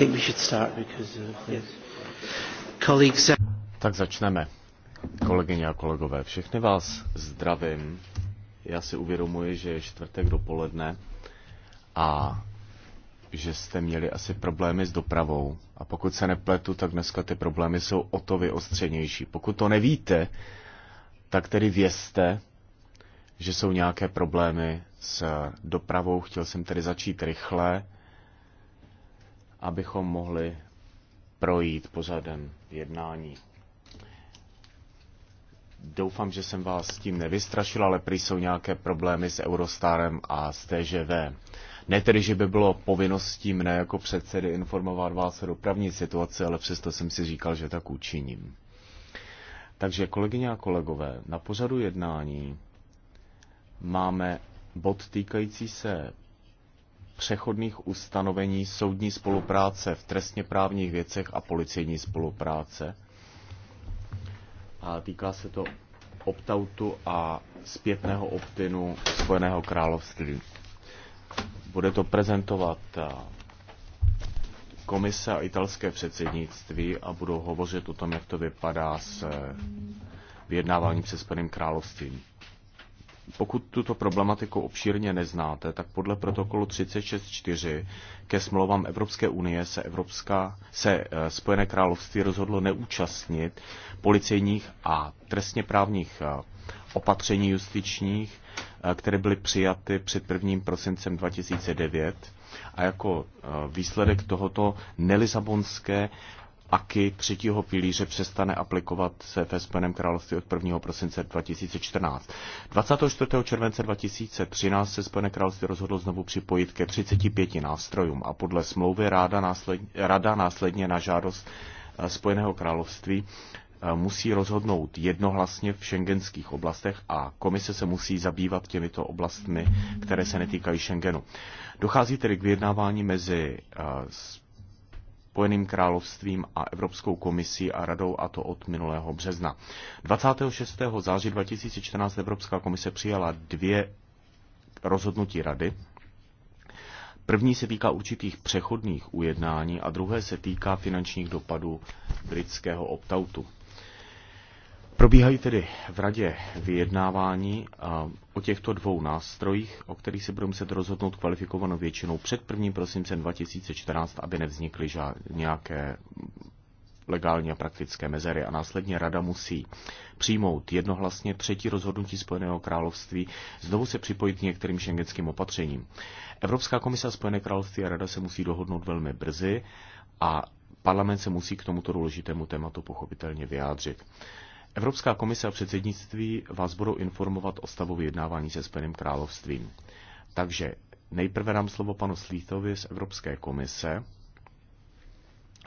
think we should start because of uh, yes. colleagues. Uh, tak začneme. Kolegyně a kolegové, všechny vás zdravím. Já si uvědomuji, že je čtvrtek dopoledne a že jste měli asi problémy s dopravou. A pokud se nepletu, tak dneska ty problémy jsou o to vyostřenější. Pokud to nevíte, tak tedy vězte, že jsou nějaké problémy s dopravou. Chtěl jsem tedy začít rychle abychom mohli projít pořadem jednání. Doufám, že jsem vás s tím nevystrašil, ale prý jsou nějaké problémy s Eurostarem a s TGV. Ne tedy, že by bylo povinností mne jako předsedy informovat vás o dopravní situaci, ale přesto jsem si říkal, že tak učiním. Takže kolegyně a kolegové, na pořadu jednání máme bod týkající se přechodných ustanovení soudní spolupráce v trestně právních věcech a policejní spolupráce. A týká se to optautu a zpětného optinu Spojeného království. Bude to prezentovat eh, komise a italské předsednictví a budou hovořit o tom, jak to vypadá s eh, vyjednáváním se Spojeným královstvím. Pokud tuto problematiku obšírně neznáte, tak podle protokolu 36.4 ke smlouvám Evropské unie se, Evropská, se eh, Spojené království rozhodlo neúčastnit policejních a trestně právních eh, opatření justičních, eh, které byly přijaty před 1. prosincem 2009 a jako výsledek tohoto nelizabonské AKY třetího pilíře přestane aplikovat se ve Spojeném království od 1. prosince 2014. 24. července 2013 se Spojené království rozhodlo znovu připojit ke 35 nástrojům a podle smlouvy ráda následně, rada následně na žádost eh, Spojeného království eh, musí rozhodnout jednohlasně v šengenských oblastech a komise se musí zabývat těmito oblastmi, které se netýkají Schengenu. Dochází tedy k vyjednávání mezi eh, Spojeným královstvím a Evropskou komisí a radou a to od minulého března. 26. září 2014 Evropská komise přijala dvě rozhodnutí rady. První se týká určitých přechodných ujednání a druhé se týká finančních dopadů britského optautu. Probíhají tedy v radě vyjednávání o těchto dvou nástrojích, o kterých se budeme muset rozhodnout kvalifikovanou většinou před 1. prosincem 2014, aby nevznikly nějaké legální a praktické mezery a následně rada musí přijmout jednohlasně třetí rozhodnutí Spojeného království, znovu se připojit k některým šengenským opatřením. Evropská komise a Spojené království a rada se musí dohodnout velmi brzy a parlament se musí k tomuto důležitému tématu pochopitelně vyjádřit. Evropská komise a předsednictví vás budou informovat o stavu vyjednávání se Spojeným královstvím. Takže nejprve dám slovo panu Slítovi z Evropské komise.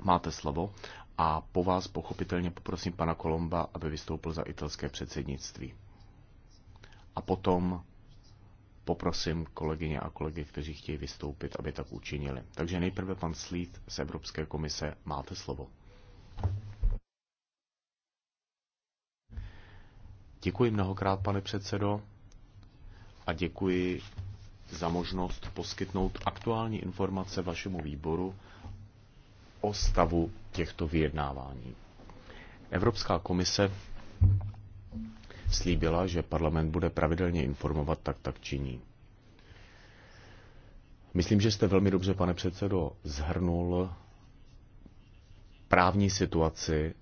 Máte slovo. A po vás pochopitelně poprosím pana Kolomba, aby vystoupil za italské předsednictví. A potom poprosím kolegyně a kolegy, kteří chtějí vystoupit, aby tak učinili. Takže nejprve pan Slít z Evropské komise, máte slovo. Děkuji mnohokrát, pane předsedo, a děkuji za možnost poskytnout aktuální informace vašemu výboru o stavu těchto vyjednávání. Evropská komise slíbila, že parlament bude pravidelně informovat, tak tak činí. Myslím, že jste velmi dobře, pane předsedo, zhrnul právní situaci,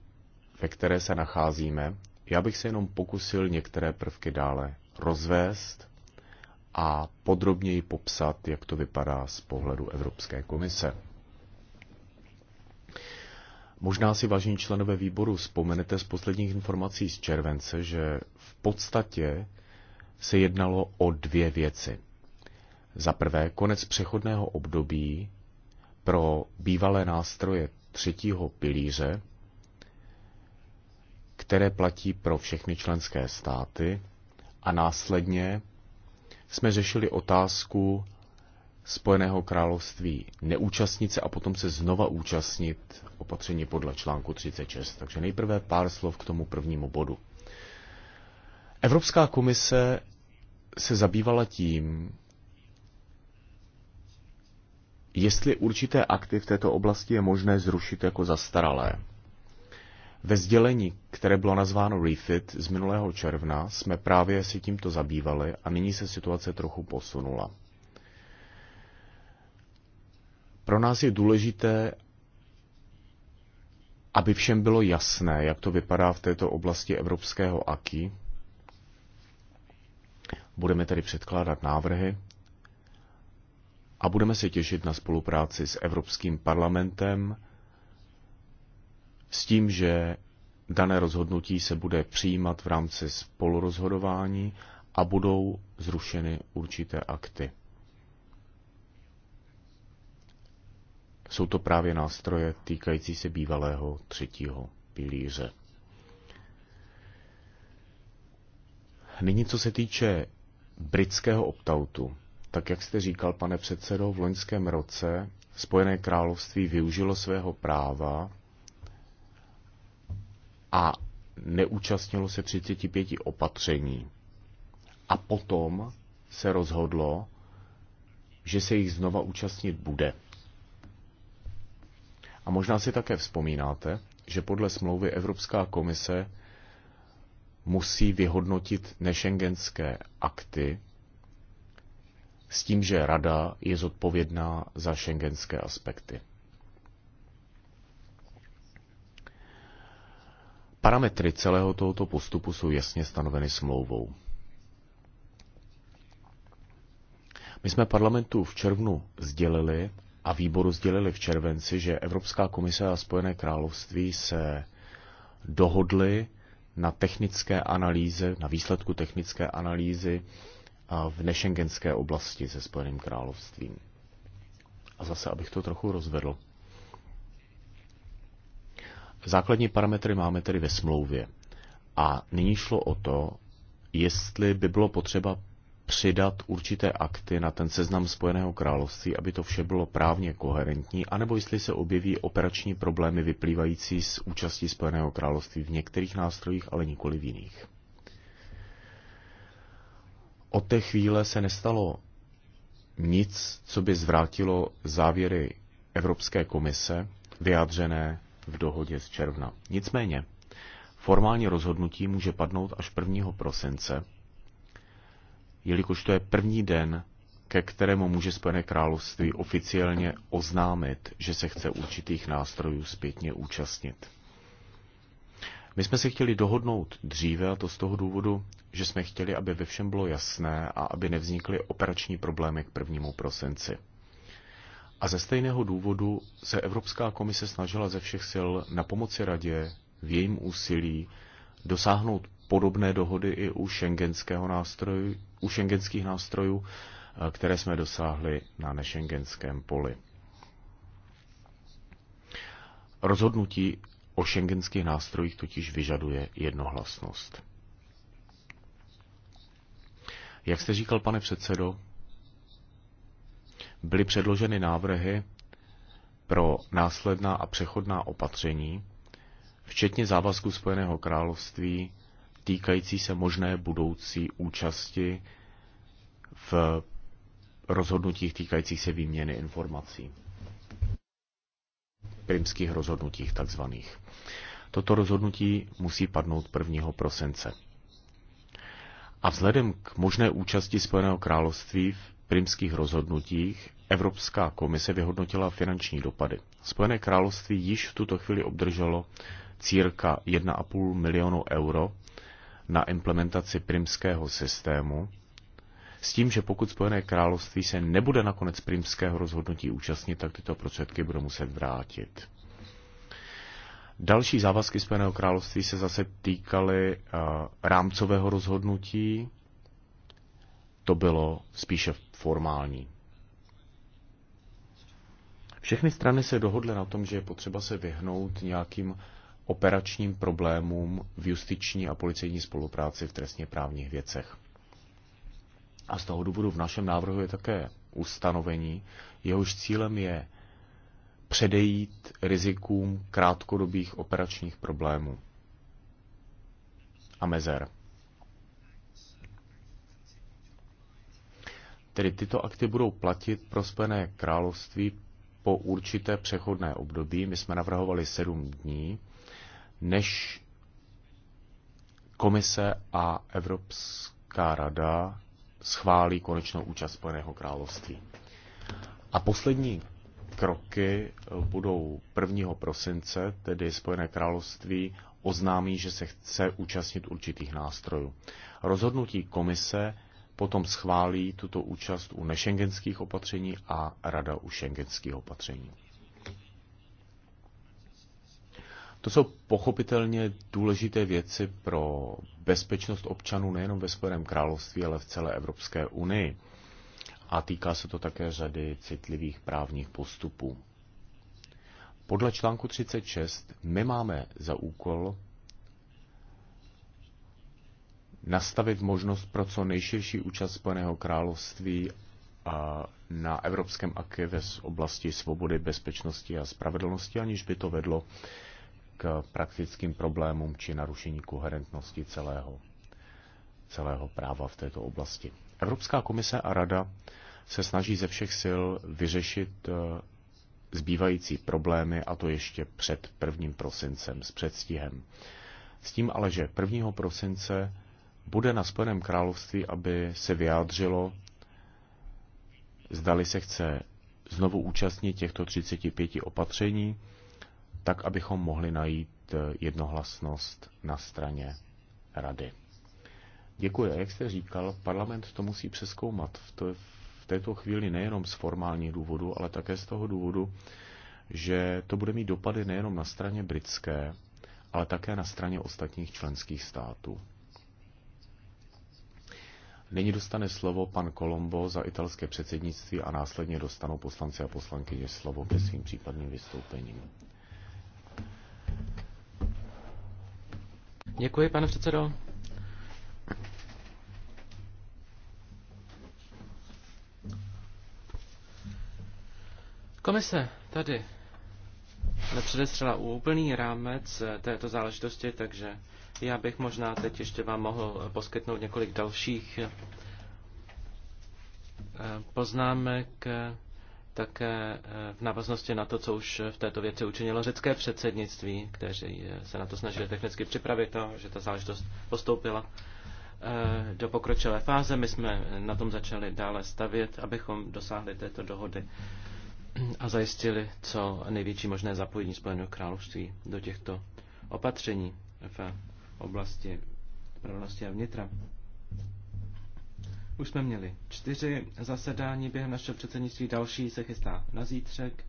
ve které se nacházíme já bych se jenom pokusil některé prvky dále rozvést a podrobněji popsat, jak to vypadá z pohledu Evropské komise. Možná si, vážení členové výboru, vzpomenete z posledních informací z července, že v podstatě se jednalo o dvě věci. Za prvé, konec přechodného období pro bývalé nástroje třetího pilíře, které platí pro všechny členské státy a následně jsme řešili otázku Spojeného království neúčastnit se a potom se znova účastnit opatření podle článku 36. Takže nejprve pár slov k tomu prvnímu bodu. Evropská komise se zabývala tím, jestli určité akty v této oblasti je možné zrušit jako zastaralé. Ve sdělení, které bylo nazváno Refit z minulého června, jsme právě si tímto zabývali a nyní se situace trochu posunula. Pro nás je důležité, aby všem bylo jasné, jak to vypadá v této oblasti evropského AKI. Budeme tedy předkládat návrhy a budeme se těšit na spolupráci s Evropským parlamentem, s tím, že dané rozhodnutí se bude přijímat v rámci spolurozhodování a budou zrušeny určité akty. Jsou to právě nástroje týkající se bývalého třetího pilíře. Nyní, co se týče britského optautu, tak jak jste říkal, pane předsedo, v loňském roce Spojené království využilo svého práva a neúčastnilo se 35 opatření. A potom se rozhodlo, že se jich znova účastnit bude. A možná si také vzpomínáte, že podle smlouvy Evropská komise musí vyhodnotit nešengenské akty s tím, že Rada je zodpovědná za šengenské aspekty. Parametry celého tohoto postupu jsou jasně stanoveny smlouvou. My jsme parlamentu v červnu sdělili a výboru sdělili v červenci, že Evropská komise a Spojené království se dohodly na technické analýze, na výsledku technické analýzy v nešengenské oblasti se Spojeným královstvím. A zase, abych to trochu rozvedl. Základní parametry máme tedy ve smlouvě. A nyní šlo o to, jestli by bylo potřeba přidat určité akty na ten seznam Spojeného království, aby to vše bylo právně koherentní, anebo jestli se objeví operační problémy vyplývající z účasti Spojeného království v některých nástrojích, ale nikoli v jiných. Od té chvíle se nestalo nic, co by zvrátilo závěry Evropské komise, vyjádřené v dohodě z června. Nicméně, formální rozhodnutí může padnout až 1. prosince, jelikož to je první den, ke kterému může Spojené království oficiálně oznámit, že se chce určitých nástrojů zpětně účastnit. My jsme se chtěli dohodnout dříve, a to z toho důvodu, že jsme chtěli, aby ve všem bylo jasné a aby nevznikly operační problémy k 1. prosinci. A ze stejného důvodu se Evropská komise snažila ze všech sil na pomoci radě v jejím úsilí dosáhnout podobné dohody i u, šengenského nástroju, u šengenských nástrojů, eh, které jsme dosáhli na nešengenském poli. Rozhodnutí o šengenských nástrojích totiž vyžaduje jednohlasnost. Jak jste říkal, pane předsedo, byly předloženy návrhy pro následná a přechodná opatření, včetně závazku Spojeného království týkající se možné budoucí účasti v rozhodnutích týkajících se výměny informací. Krymských rozhodnutích takzvaných. Toto rozhodnutí musí padnout 1. prosince. A vzhledem k možné účasti Spojeného království v primských rozhodnutích Evropská komise vyhodnotila finanční dopady. Spojené království již v tuto chvíli obdrželo círka 1,5 milionu euro na implementaci primského systému, s tím, že pokud Spojené království se nebude nakonec primského rozhodnutí účastnit, tak tyto prostředky budou muset vrátit. Další závazky Spojeného království se zase týkaly eh, rámcového rozhodnutí, to bylo spíše formální. Všechny strany se dohodly na tom, že je potřeba se vyhnout nějakým operačním problémům v justiční a policejní spolupráci v trestně právních věcech. A z toho důvodu v našem návrhu je také ustanovení, jehož cílem je předejít rizikům krátkodobých operačních problémů a mezer. Tedy tyto akty budou platit pro Spojené království po určité přechodné období. My jsme navrhovali sedm dní, než komise a Evropská rada schválí konečnou účast Spojeného království. A poslední kroky budou 1. prosince, tedy Spojené království oznámí, že se chce účastnit určitých nástrojů. Rozhodnutí komise potom schválí tuto účast u nešengenských opatření a Rada u šengenských opatření. To jsou pochopitelně důležité věci pro bezpečnost občanů nejenom ve Spojeném království, ale v celé Evropské unii. A týká se to také řady citlivých právních postupů. Podle článku 36 my máme za úkol nastavit možnost pro co nejširší účast Spojeného království na evropském aky ve oblasti svobody, bezpečnosti a spravedlnosti, aniž by to vedlo k praktickým problémům či narušení koherentnosti celého, celého práva v této oblasti. Evropská komise a rada se snaží ze všech sil vyřešit e, zbývající problémy, a to ještě před 1. prosincem, s předstihem. S tím ale, že 1. prosince bude na Spojeném království, aby se vyjádřilo, zdali se chce znovu účastnit těchto 35 opatření, tak abychom mohli najít eh, jednohlasnost na straně rady. Děkuji. A jak jste říkal, parlament to musí přeskoumat. V, to, v této chvíli nejenom z formálních důvodů, ale také z toho důvodu, že to bude mít dopady nejenom na straně britské, ale také na straně ostatních členských států. Nyní dostane slovo pan Kolombo za italské předsednictví a následně dostanou poslanci a poslankyně slovo ke svým případným vystoupením. Děkuji, pane předsedo. Komise tady nepředestřela úplný rámec této záležitosti, takže já bych možná teď ještě vám mohl poskytnout několik dalších eh, poznámek eh, také eh, v návaznosti na to, co už v této věci učinilo řecké předsednictví, kteří se na to snažili technicky připravit a že ta záležitost postoupila do pokročilé fáze. My jsme na tom začali dále stavět, abychom dosáhli této dohody a zajistili co největší možné zapojení Spojeného království do těchto opatření v oblasti spravedlnosti a vnitra. Už jsme měli čtyři zasedání během našeho předsednictví, další se chystá na zítřek.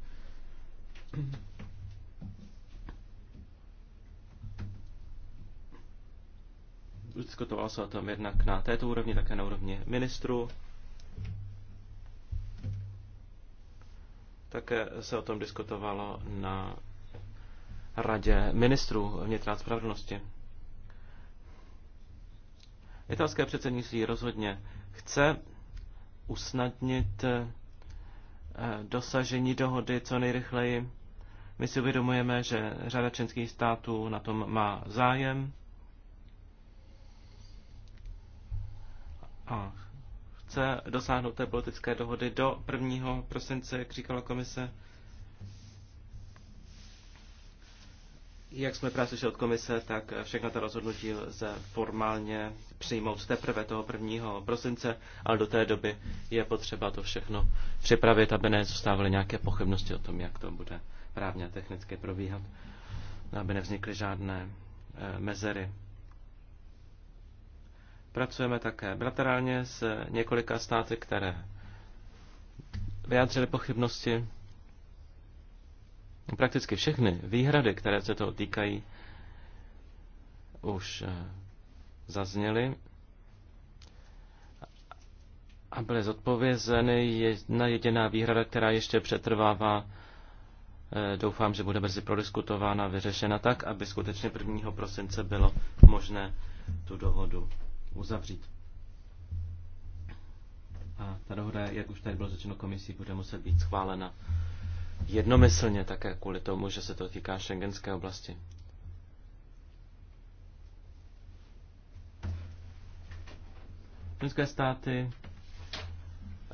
Diskutovalo se o tom jednak na této úrovni, také na úrovni ministru. Také se o tom diskutovalo na radě ministrů vnitra spravedlnosti. Italské předsednictví rozhodně chce usnadnit eh, dosažení dohody co nejrychleji. My si uvědomujeme, že řada členských států na tom má zájem a chce dosáhnout té politické dohody do 1. prosince, jak říkala komise. Jak jsme právě slyšeli od komise, tak všechna ta rozhodnutí lze formálně přijmout teprve toho 1. prosince, ale do té doby je potřeba to všechno připravit, aby nezůstávaly nějaké pochybnosti o tom, jak to bude právně a technicky probíhat, aby nevznikly žádné eh, mezery. Pracujeme také bilaterálně s několika státy, které vyjádřily pochybnosti prakticky všechny výhrady, které se toho týkají, už eh, zazněly a byly zodpovězeny. Jedna jediná výhrada, která ještě přetrvává, eh, doufám, že bude brzy prodiskutována, vyřešena tak, aby skutečně 1. prosince bylo možné tu dohodu uzavřít. A ta dohoda, jak už tady bylo řečeno komisí, bude muset být schválena jednomyslně také kvůli tomu, že se to týká šengenské oblasti. Členské státy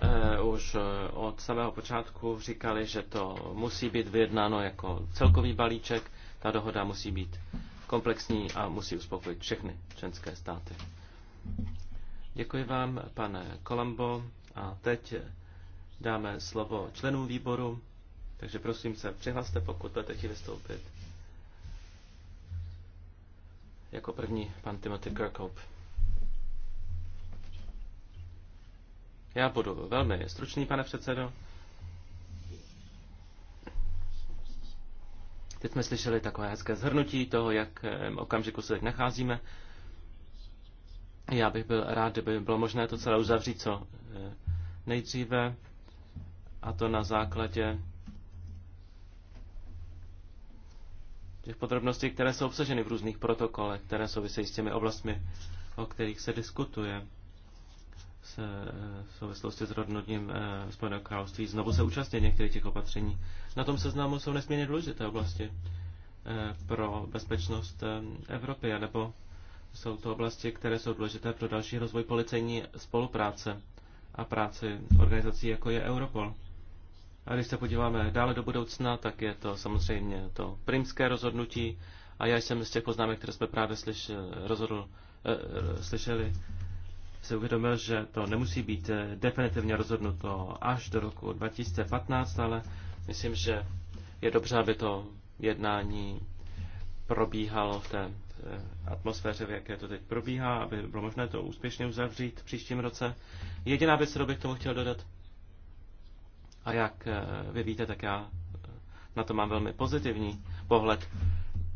eh, už eh, od samého počátku říkali, že to musí být vyjednáno jako celkový balíček. Ta dohoda musí být komplexní a musí uspokojit všechny členské státy. Děkuji vám, pane Kolambo, a teď dáme slovo členům výboru. Takže prosím se, přihlaste, pokud budete chtít vystoupit. Jako první pan Timothy Kirkhope. Já budu velmi stručný, pane předsedo. Teď jsme slyšeli takové hezké zhrnutí toho, jak eh, okamžiku se teď nacházíme. Já bych byl rád, kdyby bylo možné to celé uzavřít co eh, nejdříve, a to na základě těch podrobností, které jsou obsaženy v různých protokolech, které souvisejí s těmi oblastmi, o kterých se diskutuje se, eh, v souvislosti s rodnotním eh, Spojeného království. Znovu se účastní některých těch opatření. Na tom seznamu jsou nesmírně důležité oblasti eh, pro bezpečnost eh, Evropy, nebo jsou to oblasti, které jsou důležité pro další rozvoj policejní spolupráce a práci organizací, jako je Europol. A když se podíváme dále do budoucna, tak je to samozřejmě to primské rozhodnutí. A já jsem z těch poznámek, které jsme právě slyšel, rozhodl, eh, eh slyšeli, se uvědomil, že to nemusí být eh, definitivně rozhodnuto až do roku 2015, ale myslím, že je dobře, aby to jednání probíhalo v té eh, atmosféře, v jaké to teď probíhá, aby bylo možné to úspěšně uzavřít v příštím roce. Jediná věc, kterou bych tomu chtěl dodat, a jak eh, vy víte, tak já eh, na to mám velmi pozitivní pohled.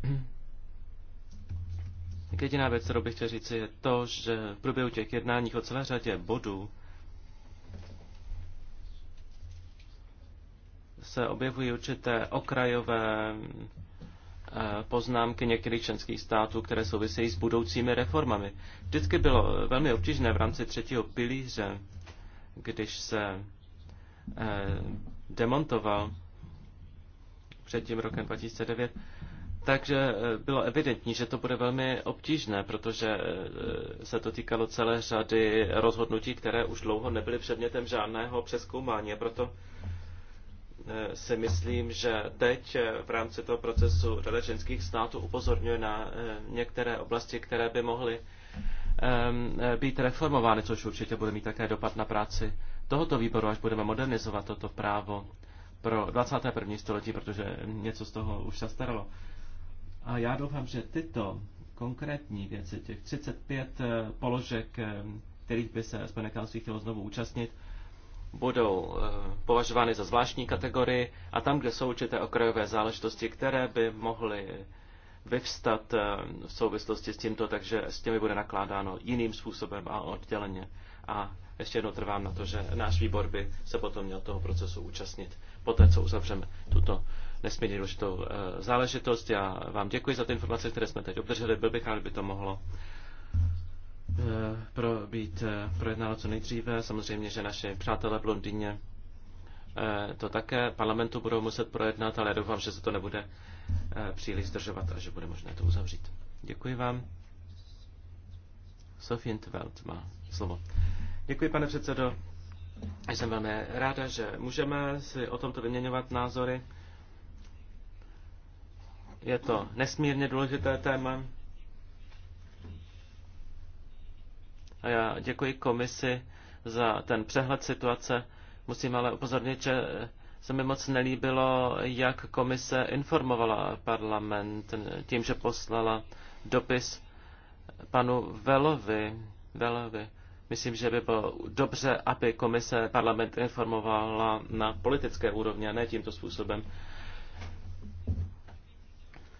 Jediná věc, kterou bych chtěl říct, je to, že v průběhu těch jednání, o celé řadě bodů se objevují určité okrajové eh, poznámky některých členských států, které souvisejí s budoucími reformami. Vždycky bylo velmi obtížné v rámci třetího pilíře, když se Eh, demontoval před tím rokem 2009. Takže eh, bylo evidentní, že to bude velmi obtížné, protože eh, se to týkalo celé řady rozhodnutí, které už dlouho nebyly předmětem žádného přeskoumání. A proto si myslím, že teď v rámci toho procesu řada ženských států upozorňuje na některé oblasti, které by mohly ehm, být reformovány, což určitě bude mít také dopad na práci tohoto výboru, až budeme modernizovat toto právo pro 21. století, protože něco z toho už se staralo. A já doufám, že tyto konkrétní věci, těch 35 eh, položek, eh, kterých by se Spojené království chtělo znovu účastnit, budou eh, považovány za zvláštní kategorii a tam, kde jsou určité okrajové záležitosti, které by mohly vyvstat v souvislosti s tímto, takže s těmi bude nakládáno jiným způsobem a odděleně. A ještě jednou trvám na to, že náš výbor by se potom měl toho procesu účastnit. Poté, co uzavřeme tuto nesmírně důležitou eh, záležitost, já vám děkuji za ty informace, které jsme teď obdrželi. Byl bych rád, by to mohlo eh, pro být eh, projednáno co nejdříve. Samozřejmě, že naši přátelé v Londýně to také parlamentu budou muset projednat, ale já doufám, že se to nebude příliš zdržovat a že bude možné to uzavřít. Děkuji vám. Sofie Intveld má slovo. Děkuji, pane předsedo. Jsem velmi ráda, že můžeme si o tomto vyměňovat názory. Je to nesmírně důležité téma. A já děkuji komisi za ten přehled situace. Musím ale upozornit, že se mi moc nelíbilo, jak komise informovala parlament tím, že poslala dopis panu Velovi. Velovi Myslím, že by bylo dobře, aby komise parlament informovala na politické úrovni a ne tímto způsobem.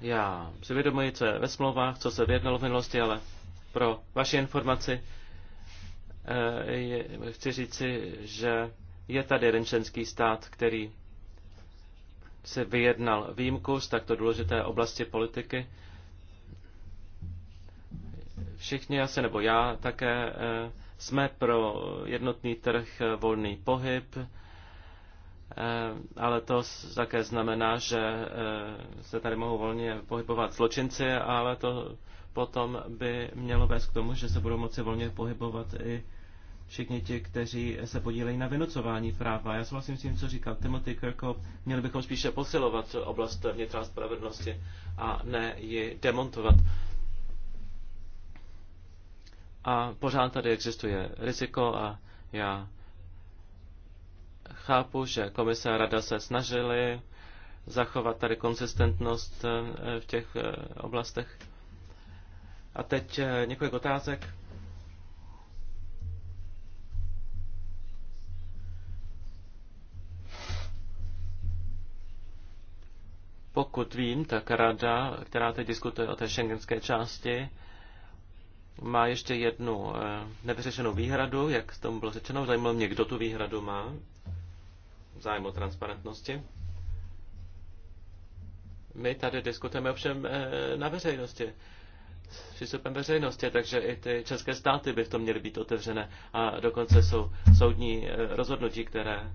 Já si vědomuji, co je ve smlouvách, co se vyjednalo v minulosti, ale pro vaši informaci eh, chci říci, že je tady jeden členský stát, který se vyjednal výjimku z takto důležité oblasti politiky. Všichni asi, nebo já také, eh, jsme pro jednotný trh, volný pohyb, eh, ale to také znamená, že eh, se tady mohou volně pohybovat zločinci, ale to potom by mělo vést k tomu, že se budou moci volně pohybovat i všichni ti, kteří se podílejí na vynucování práva. Já souhlasím s tím, co říkal Timothy Kirkhope. Měli bychom spíše posilovat oblast vnitra spravedlnosti a ne ji demontovat. A pořád tady existuje riziko a já chápu, že komise a rada se snažili zachovat tady konsistentnost eh, v těch eh, oblastech. A teď eh, několik otázek. Pokud vím, tak rada, která teď diskutuje o té šengenské části, má ještě jednu eh, nevyřešenou výhradu, jak tomu bylo řečeno. Zajímalo mě, kdo tu výhradu má. Zájem o transparentnosti. My tady diskutujeme ovšem eh, na veřejnosti s přístupem veřejnosti, takže i ty české státy by v tom měly být otevřené a dokonce jsou soudní eh, rozhodnutí, které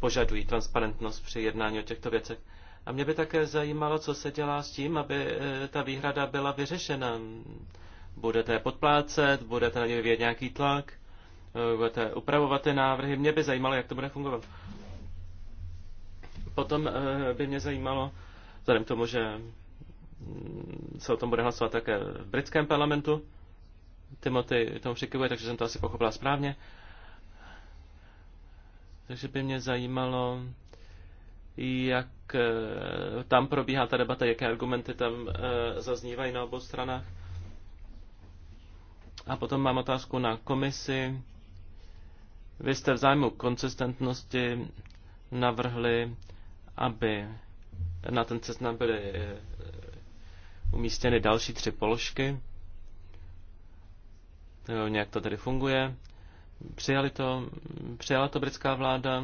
požadují transparentnost při jednání o těchto věcech. A mě by také zajímalo, co se dělá s tím, aby ta výhrada byla vyřešena budete podplácet, budete na ně vyvíjet nějaký tlak, eh, budete upravovat ty návrhy. Mě by zajímalo, jak to bude fungovat. Potom eh, by mě zajímalo, vzhledem k tomu, že mm, se o tom bude hlasovat také v britském parlamentu, Timothy tomu přikivuje, takže jsem to asi pochopila správně. Takže by mě zajímalo, jak eh, tam probíhá ta debata, jaké argumenty tam zaznívají na obou stranách. A potom mám otázku na komisi. Vy jste v zájmu konsistentnosti navrhli, aby na ten seznam byly eh, umístěny další tři položky. Eh, nějak to tedy funguje. Přijali to, přijala to britská vláda,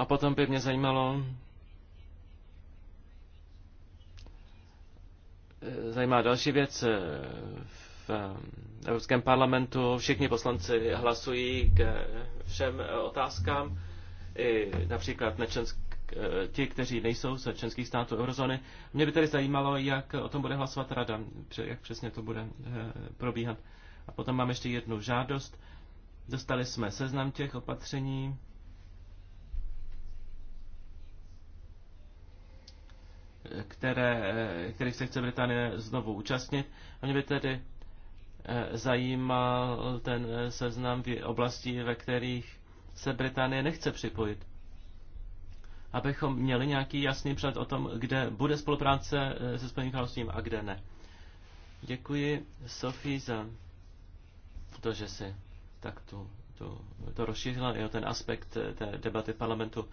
A potom by mě zajímalo, eh, zajímá další věc. Eh, v eh, Evropském parlamentu všichni poslanci hlasují k všem otázkám, i například nečensk, ti, kteří nejsou z členských států eurozóny. Mě by tedy zajímalo, jak o tom bude hlasovat rada, jak přesně to bude probíhat. A potom mám ještě jednu žádost. Dostali jsme seznam těch opatření, které, eh, kterých se chce Británie znovu účastnit. A mě by tedy eh, zajímal ten eh, seznam v oblastí, ve kterých se Británie nechce připojit. Abychom měli nějaký jasný přehled o tom, kde bude spolupráce se Spojeným královstvím a kde ne. Děkuji Sofii za to, že si tak tu, tu, to rozšířila i o ten aspekt té debaty v parlamentu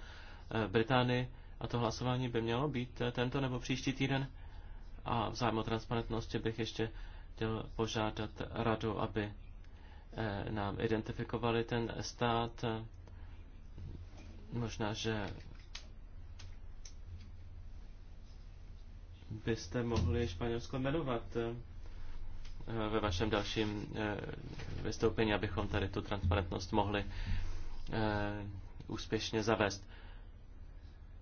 Británii. A to hlasování by mělo být eh, tento nebo příští týden. A v zájmu transparentnosti bych ještě chtěl požádat radu, aby eh, nám identifikovali ten stát. Možná, že byste mohli Španělsko jmenovat eh, ve vašem dalším vystoupení, abychom tady tu transparentnost mohli úspěšně zavést.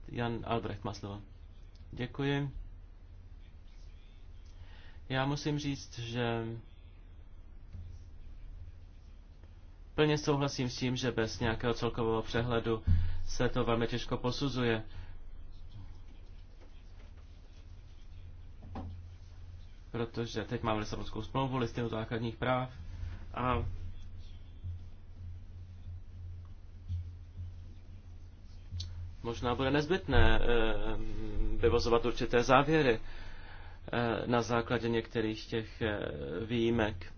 Jan Albrecht Maslova. Děkuji. Já musím říct, že plně souhlasím s tím, že bez nějakého celkového přehledu se to velmi těžko posuzuje. Protože teď máme Lisabonskou smlouvu, listinu základních práv a Možná bude nezbytné eh, eh, vyvozovat určité závěry eh, na základě některých těch výjimek,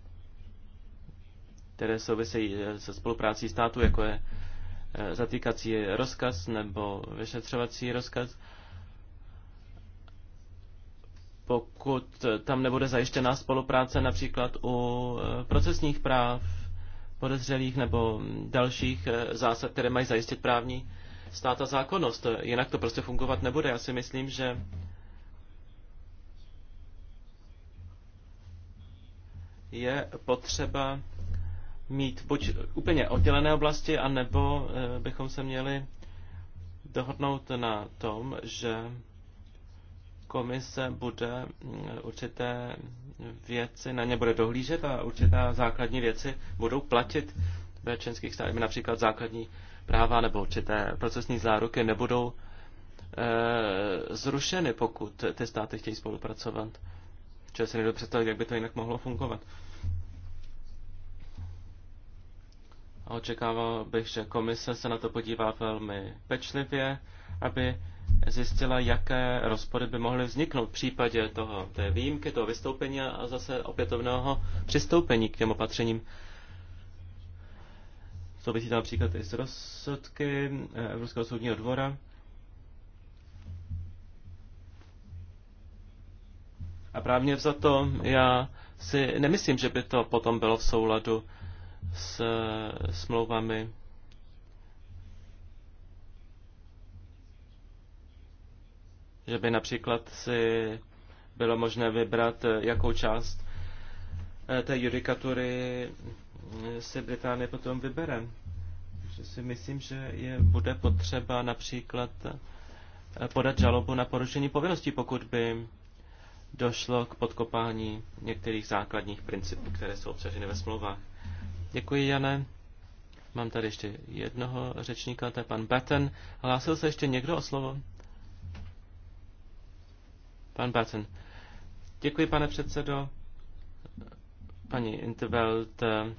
které souvisejí se spoluprácí státu jako je zatýkací rozkaz nebo vyšetřovací rozkaz. Pokud tam nebude zajištěná spolupráce například u procesních práv podezřelých nebo dalších zásad, které mají zajistit právní stát a zákonnost. Jinak to prostě fungovat nebude. Já si myslím, že je potřeba mít buď úplně oddělené oblasti, anebo eh, bychom se měli dohodnout na tom, že komise bude mm, určité věci, na ně bude dohlížet a určité základní věci budou platit ve členských státech, například základní práva nebo určité procesní záruky nebudou eh, zrušeny, pokud ty státy chtějí spolupracovat. Čili si nedo představit, jak by to jinak mohlo fungovat. A očekával bych, že komise se na to podívá velmi pečlivě, aby zjistila, jaké rozpory by mohly vzniknout v případě toho, té výjimky, toho vystoupení a zase opětovného přistoupení k těm opatřením. Souvisí to například i s rozsudky eh, Evropského soudního dvora. A právně za to já si nemyslím, že by to potom bylo v souladu s eh, smlouvami že by například si bylo možné vybrat, eh, jakou část té judikatury se Británie potom vybere. Že si myslím, že je, bude potřeba například eh, podat žalobu na porušení povinností, pokud by došlo k podkopání některých základních principů, které jsou obsaženy ve smlouvách. Děkuji, Jane. Mám tady ještě jednoho řečníka, to je pan Batten. Hlásil se ještě někdo o slovo? Pan Batten. Děkuji, pane předsedo. Paní Intervelt eh,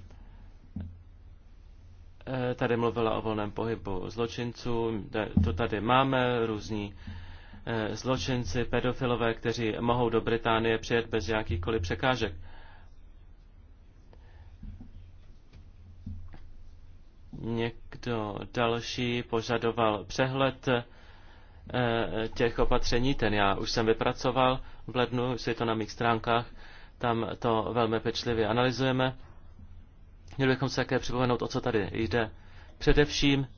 Eh, tady mluvila o volném pohybu zločinců, to tady máme, různí eh, zločinci, pedofilové, kteří mohou do Británie přijet bez jakýchkoliv překážek. Někdo další požadoval přehled eh, těch opatření, ten já už jsem vypracoval v lednu, už je to na mých stránkách, tam to velmi pečlivě analyzujeme. Měli bychom se také připomenout, o co tady jde. Především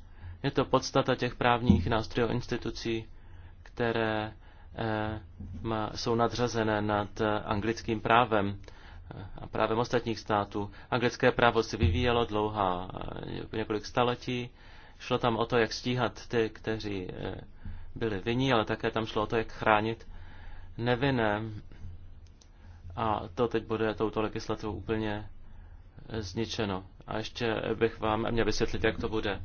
je to podstata těch právních nástrojů institucí, které eh, jsou nadřazené nad eh, anglickým právem eh, a právem ostatních států. Anglické právo se vyvíjelo dlouhá několik staletí. Šlo tam o to, jak stíhat ty, kteří byli vinní, ale také tam šlo o to, jak chránit nevinné. A to teď bude touto legislativou úplně zničeno. A ještě bych vám měl vysvětlit, jak to bude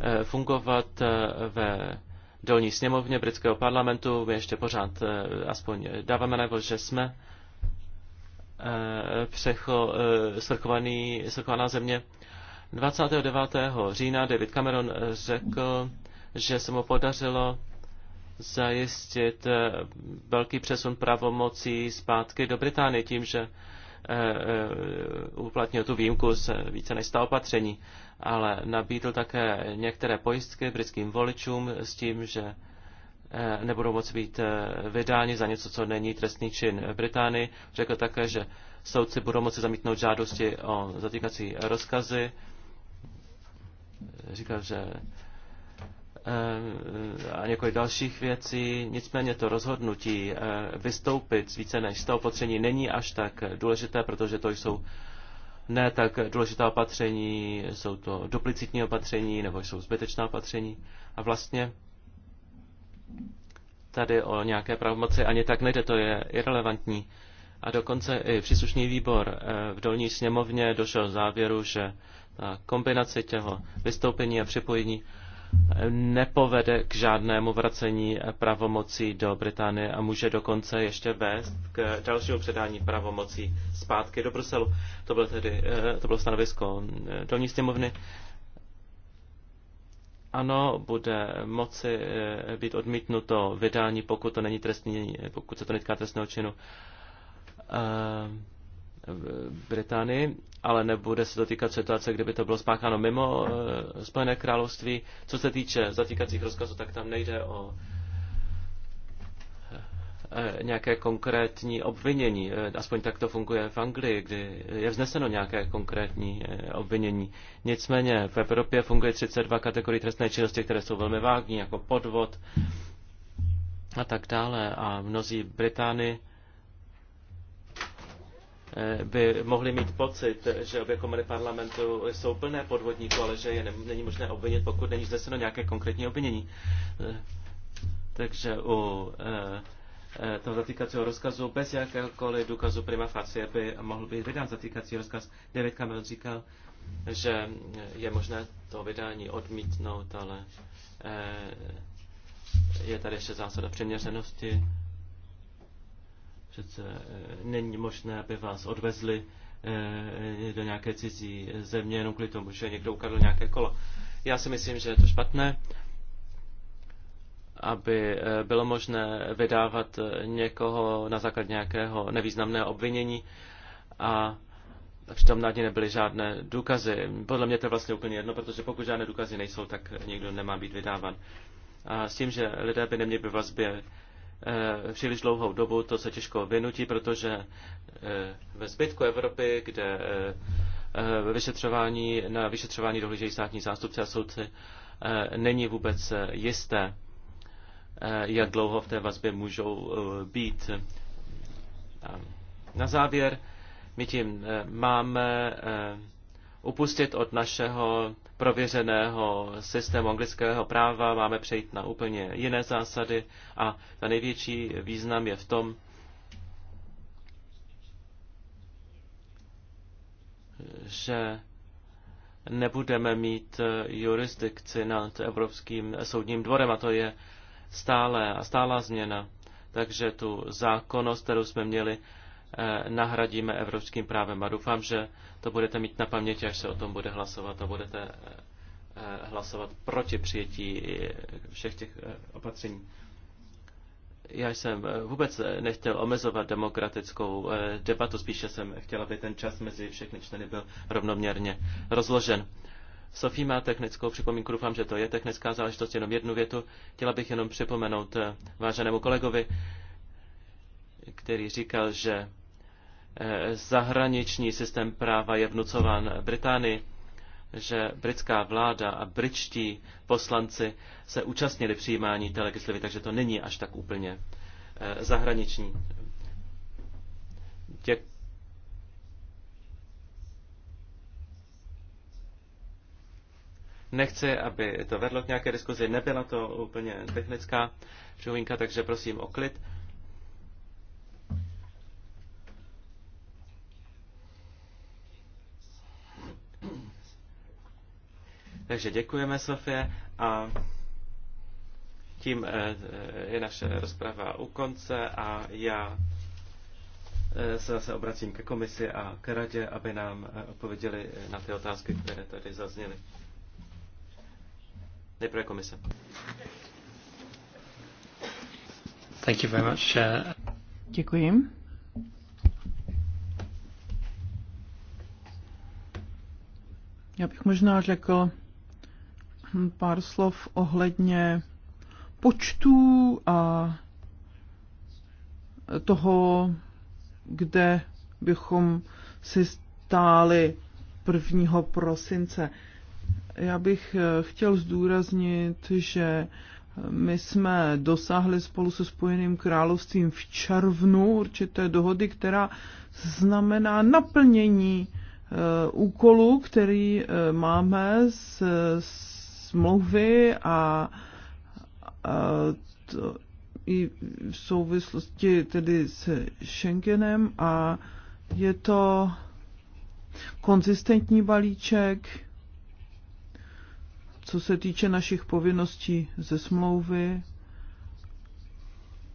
eh, fungovat eh, ve dolní sněmovně britského parlamentu. My ještě pořád eh, aspoň dáváme najevo, že jsme přecho, svrchovaný, svrchovaná země. 29. října David Cameron řekl, že se mu podařilo zajistit velký přesun pravomocí zpátky do Británie tím, že Eh, eh, uplatnil tu výjimku z více než 100 opatření, ale nabídl také některé pojistky britským voličům s tím, že eh, nebudou moci být vydáni za něco, co není trestný čin Británii. Řekl také, že soudci budou moci zamítnout žádosti o zatýkací rozkazy. Říkal, že Eh, a několik dalších věcí. Nicméně to rozhodnutí eh, vystoupit z více než 100 opatření není až tak důležité, protože to jsou ne tak důležitá opatření, jsou to duplicitní opatření nebo jsou zbytečná opatření. A vlastně tady o nějaké pravomoci ani tak nejde, to je irrelevantní. A dokonce i příslušný výbor eh, v dolní sněmovně došel závěru, že ta kombinace těho vystoupení a připojení nepovede k žádnému vracení pravomocí do Británie a může dokonce ještě vést k dalšímu předání pravomocí zpátky do Bruselu. To bylo tedy eh, to bylo stanovisko eh, dolní sněmovny. Ano, bude moci eh, být odmítnuto vydání, pokud to není trestní, pokud se to netká trestného činu. Ehm Británii, ale nebude se dotýkat situace, kdyby to bylo spácháno mimo eh, Spojené království. Co se týče zatýkacích rozkazů, tak tam nejde o eh, eh, nějaké konkrétní obvinění. Aspoň tak to funguje v Anglii, kdy je vzneseno nějaké konkrétní obvinění. Nicméně v Evropě funguje 32 kategorie trestné činnosti, které jsou velmi vágní, jako podvod a tak dále. A mnozí Britány Eh, by mohli mít pocit, že obě komory parlamentu jsou plné podvodníků, ale že je není možné obvinit, pokud není vzneseno nějaké konkrétní obvinění. Eh, takže u eh, toho zatýkacího rozkazu bez jakéhokoliv důkazu prima facie by mohl být vydán zatýkací rozkaz. David Cameron říkal, že je možné to vydání odmítnout, ale je tady ještě zásada přiměřenosti Přece eh, není možné, aby vás odvezli eh, do nějaké cizí země jenom kvůli tomu, že někdo ukradl nějaké kolo. Já si myslím, že je to špatné, aby eh, bylo možné vydávat někoho na základě nějakého nevýznamného obvinění a přitom na ní nebyly žádné důkazy. Podle mě to je vlastně úplně jedno, protože pokud žádné důkazy nejsou, tak nikdo nemá být vydáván. A s tím, že lidé by neměli ve vazbě Eh, příliš dlouhou dobu, to se těžko vynutí, protože eh, ve zbytku Evropy, kde eh, ve vyšetřování, na vyšetřování dohlížejí státní zástupci a soudci, není vůbec jisté, jak dlouho v té vazbě můžou být. Na závěr, my tím máme upustit od našeho prověřeného systému anglického práva, máme přejít na úplně jiné zásady a ta největší význam je v tom, že nebudeme mít jurisdikci nad Evropským soudním dvorem a to je stále a stálá změna. Takže tu zákonnost, kterou jsme měli Eh, nahradíme evropským právem. A doufám, že to budete mít na paměti, až se o tom bude hlasovat a budete eh, eh, hlasovat proti přijetí všech těch opatření. Já jsem vůbec nechtěl omezovat demokratickou debatu, spíše jsem chtěl, aby ten čas mezi všechny členy byl rovnoměrně rozložen. Sofí má technickou připomínku, doufám, že to je technická záležitost, jenom jednu větu. Chtěla bych jenom připomenout váženému kolegovi, který říkal, že zahraniční systém práva je vnucován Británii, že britská vláda a britští poslanci se účastnili přijímání té legislativy, takže to není až tak úplně eh, zahraniční. Děk... Nechci, aby to vedlo k nějaké diskuzi. Nebyla to úplně technická připomínka, takže prosím o klid. Takže děkujeme, Sofie, a tím eh, eh, je naše rozprava u konce a já eh, se zase obracím ke komisi a k radě, aby nám odpověděli na ty otázky, které tady zazněly. Nejprve komise. Thank you very much. Děkuji. Já bych možná řekl, pár slov ohledně počtů a toho, kde bychom si stáli 1. prosince. Já bych eh, chtěl zdůraznit, že my jsme dosáhli spolu se Spojeným královstvím v červnu určité dohody, která znamená naplnění eh, úkolu, který eh, máme s, s smlouvy a, a to i v souvislosti tedy s Schengenem a je to konzistentní balíček, co se týče našich povinností ze smlouvy.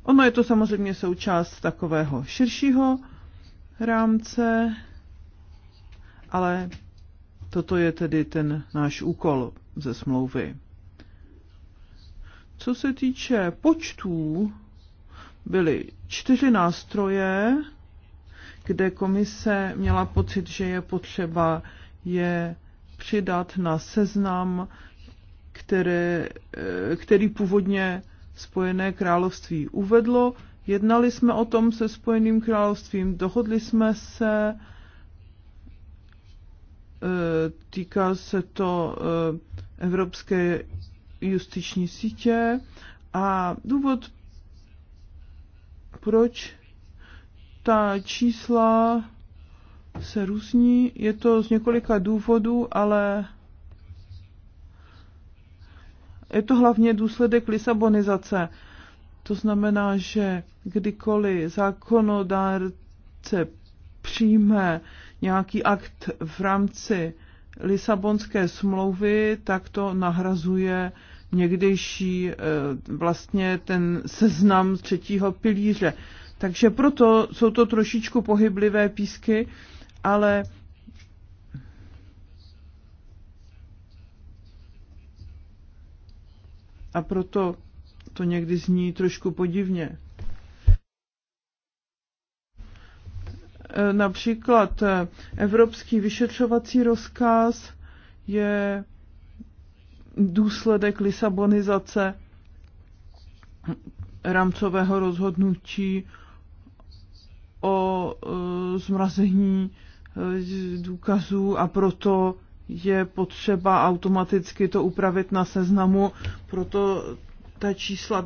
Ono je to samozřejmě součást takového širšího rámce, ale toto je tedy ten náš úkol ze smlouvy. Co se týče počtů, byly čtyři nástroje, kde komise měla pocit, že je potřeba je přidat na seznam, které, eh, který původně Spojené království uvedlo. Jednali jsme o tom se Spojeným královstvím, dohodli jsme se, eh, týká se to eh, Evropské justiční sítě a důvod, proč ta čísla se různí, je to z několika důvodů, ale je to hlavně důsledek lisabonizace. To znamená, že kdykoliv zákonodárce přijme nějaký akt v rámci Lisabonské smlouvy, tak to nahrazuje někdejší eh, vlastně ten seznam třetího pilíře. Takže proto jsou to trošičku pohyblivé písky, ale a proto to někdy zní trošku podivně. Eh, například eh, evropský vyšetřovací rozkaz je důsledek lisabonizace rámcového rozhodnutí o eh, zmrazení důkazů a proto je potřeba automaticky to upravit na seznamu, proto ta čísla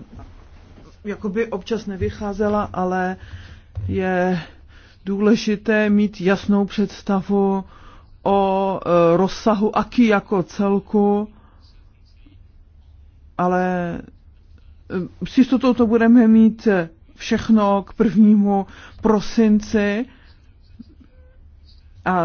jakoby občas nevycházela, ale je důležité mít jasnou představu o e, rozsahu aký jako celku, ale e, s jistotou to budeme mít e, všechno k prvnímu prosinci a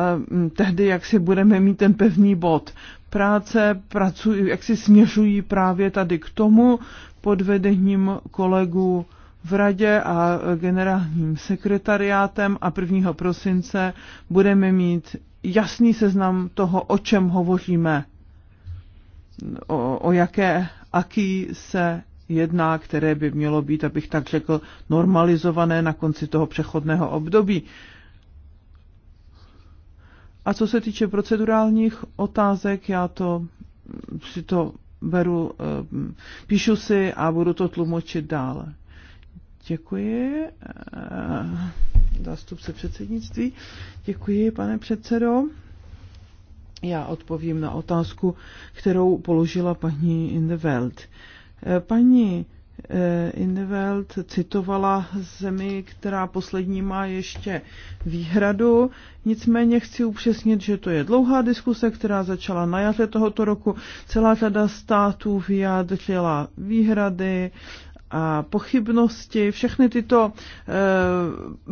tehdy, jak si budeme mít ten pevný bod. Práce pracují, jak si směřují právě tady k tomu pod vedením kolegů v radě a generálním sekretariátem a 1. prosince budeme mít jasný seznam toho, o čem hovoříme, o, o jaké aký se jedná, které by mělo být, abych tak řekl, normalizované na konci toho přechodného období. A co se týče procedurálních otázek, já to si to beru, eh, píšu si a budu to tlumočit dále. Děkuji. Eh, zástupce předsednictví. Děkuji, pane předsedo. Já odpovím na otázku, kterou položila paní Indeveld. Eh, paní eh, Indeveld citovala zemi, která poslední má ještě výhradu. Nicméně chci upřesnit, že to je dlouhá diskuse, která začala na jaře tohoto roku. Celá řada států vyjádřila výhrady a pochybnosti, všechny tyto eh,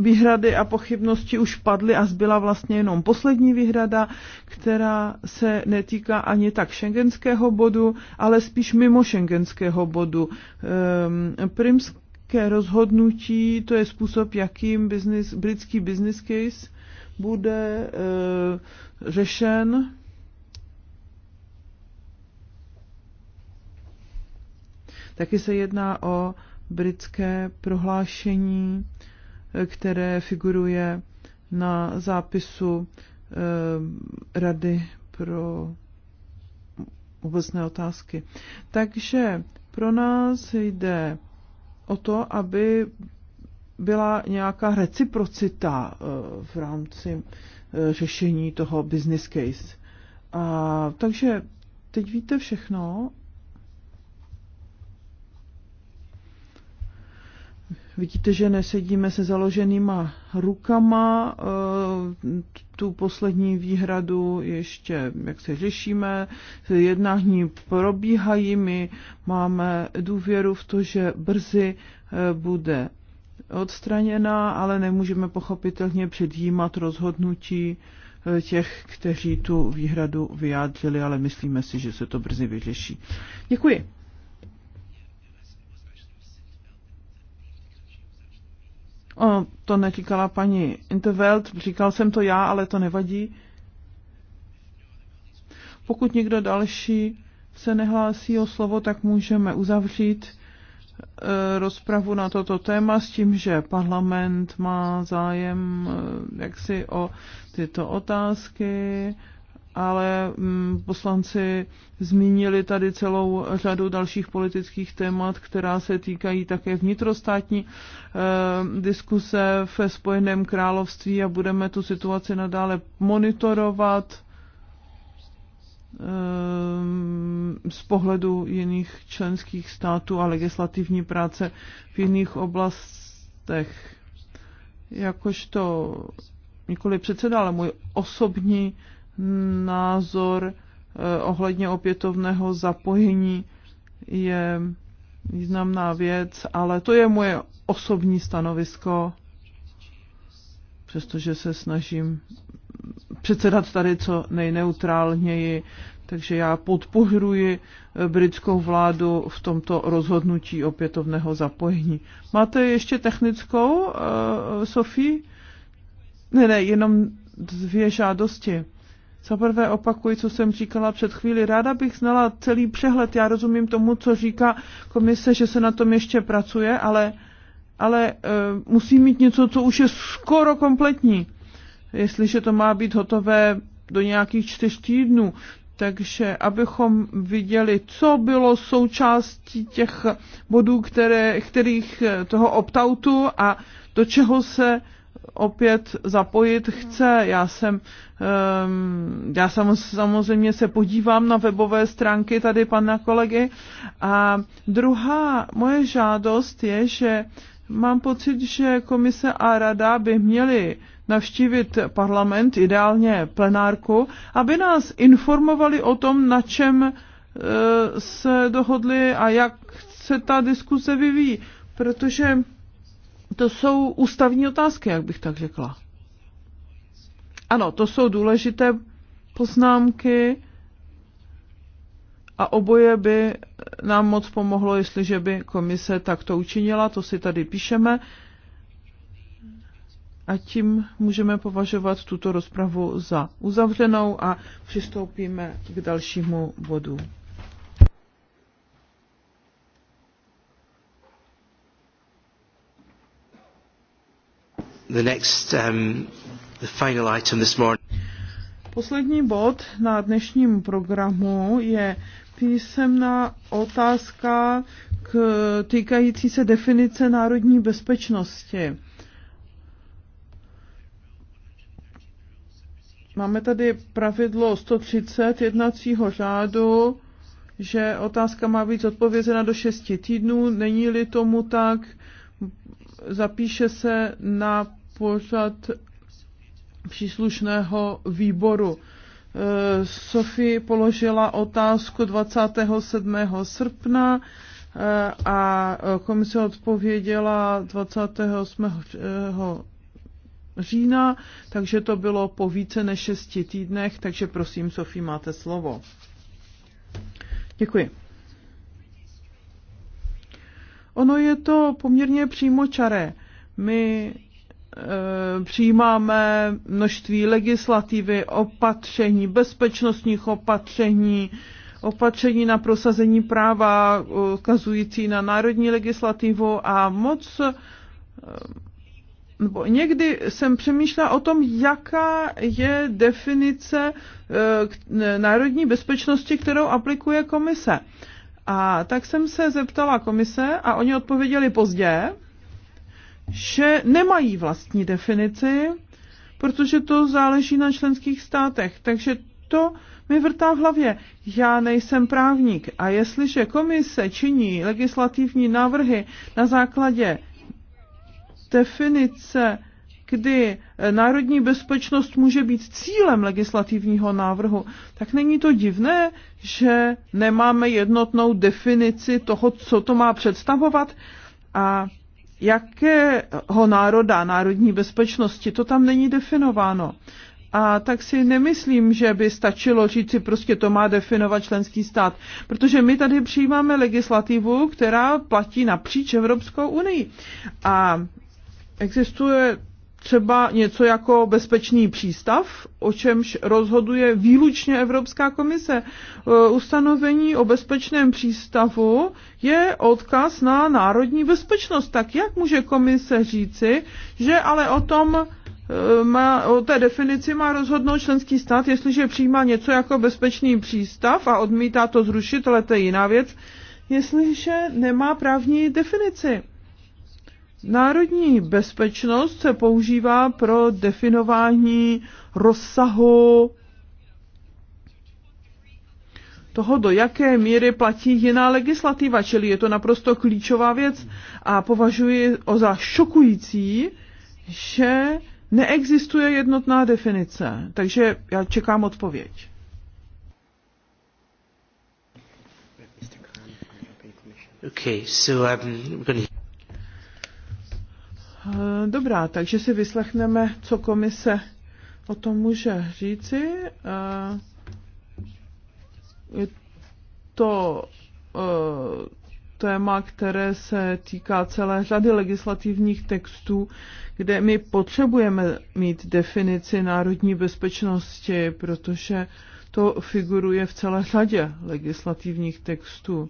výhrady a pochybnosti už padly a zbyla vlastně jenom poslední výhrada, která se netýká ani tak šengenského bodu, ale spíš mimo šengenského bodu. Ehm, primské rozhodnutí, to je způsob, jakým business, britský business case bude eh, řešen Taky se jedná o britské prohlášení, eh, které figuruje na zápisu eh, Rady pro obecné otázky. Takže pro nás jde o to, aby byla nějaká reciprocita eh, v rámci řešení toho business case. A, takže teď víte všechno Vidíte, že nesedíme se založenýma rukama. Eh, tu poslední výhradu ještě, jak se řešíme, jednání probíhají. My máme důvěru v to, že brzy eh, bude odstraněna, ale nemůžeme pochopitelně předjímat rozhodnutí eh, těch, kteří tu výhradu vyjádřili, ale myslíme si, že se to brzy vyřeší. Děkuji. O, to neříkala paní Intervelt, říkal jsem to já, ale to nevadí. Pokud někdo další se nehlásí o slovo, tak můžeme uzavřít e, rozpravu na toto téma s tím, že parlament má zájem e, jaksi o tyto otázky ale mm, poslanci zmínili tady celou řadu dalších politických témat, která se týkají také vnitrostátní eh, diskuse ve Spojeném království a budeme tu situaci nadále monitorovat eh, z pohledu jiných členských států a legislativní práce v jiných oblastech. Jakožto nikoli předseda, ale můj osobní názor eh, ohledně opětovného zapojení je významná věc, ale to je moje osobní stanovisko, přestože se snažím předsedat tady co nejneutrálněji, takže já podporuji eh, britskou vládu v tomto rozhodnutí opětovného zapojení. Máte ještě technickou, eh, Sofie? Ne, ne, jenom dvě žádosti. Za prvé opakuji, co jsem říkala před chvíli. Ráda bych znala celý přehled. Já rozumím tomu, co říká komise, že se na tom ještě pracuje, ale, ale e, musí mít něco, co už je skoro kompletní. Jestliže to má být hotové do nějakých čtyř týdnů. Takže abychom viděli, co bylo součástí těch bodů, které, kterých eh, toho optautu a do čeho se opět zapojit chce. Já jsem, ehm, já samozřejmě se podívám na webové stránky tady pana kolegy a druhá moje žádost je, že mám pocit, že komise a rada by měly navštívit parlament, ideálně plenárku, aby nás informovali o tom, na čem e, se dohodli a jak se ta diskuse vyvíjí. Protože to jsou ústavní otázky, jak bych tak řekla. Ano, to jsou důležité poznámky a oboje by nám moc pomohlo, jestliže by komise takto učinila, to si tady píšeme. A tím můžeme považovat tuto rozpravu za uzavřenou a přistoupíme k dalšímu bodu. the next, um, the final item this morning. Poslední bod na dnešním programu je písemná otázka k týkající se definice národní bezpečnosti. Máme tady pravidlo 130 jednacího řádu, že otázka má být odpovězena do 6 týdnů. Není-li tomu tak, zapíše se na pořad příslušného výboru. Eh, Sofie položila otázku 27. srpna eh, a komise odpověděla 28. října, takže to bylo po více než šesti týdnech, takže prosím, Sofie, máte slovo. Děkuji. Ono je to poměrně přímočaré. My Eh, přijímáme množství legislativy, opatření, bezpečnostních opatření, opatření na prosazení práva ukazující na národní legislativu a moc eh, nebo někdy jsem přemýšlela o tom, jaká je definice eh, národní bezpečnosti, kterou aplikuje komise. A tak jsem se zeptala komise a oni odpověděli pozdě, že nemají vlastní definici, protože to záleží na členských státech. Takže to mi vrtá v hlavě. Já nejsem právník a jestliže komise činí legislativní návrhy na základě definice, kdy eh, národní bezpečnost může být cílem legislativního návrhu, tak není to divné, že nemáme jednotnou definici toho, co to má představovat a jakého národa, národní bezpečnosti, to tam není definováno. A tak si nemyslím, že by stačilo si, prostě to má definovat členský stát, protože my tady přijímáme legislativu, která platí napříč Evropskou unii. A existuje třeba něco jako bezpečný přístav, o čemž rozhoduje výlučně Evropská komise. E, ustanovení o bezpečném přístavu je odkaz na národní bezpečnost. Tak jak může komise říci, že ale o tom e, má, o té definici má rozhodnout členský stát, jestliže přijímá něco jako bezpečný přístav a odmítá to zrušit, ale to je jiná věc, jestliže nemá právní definici. Národní bezpečnost se používá pro definování rozsahu toho, do jaké míry platí jiná legislativa, čili je to naprosto klíčová věc a považuji o za šokující, že neexistuje jednotná definice. Takže já čekám odpověď. Okay, so, um, gonna... Eh, dobrá, takže si vyslechneme, co komise o tom může říci. Eh, je to eh, téma, které se týká celé řady legislativních textů, kde my potřebujeme mít definici národní bezpečnosti, protože to figuruje v celé řadě legislativních textů.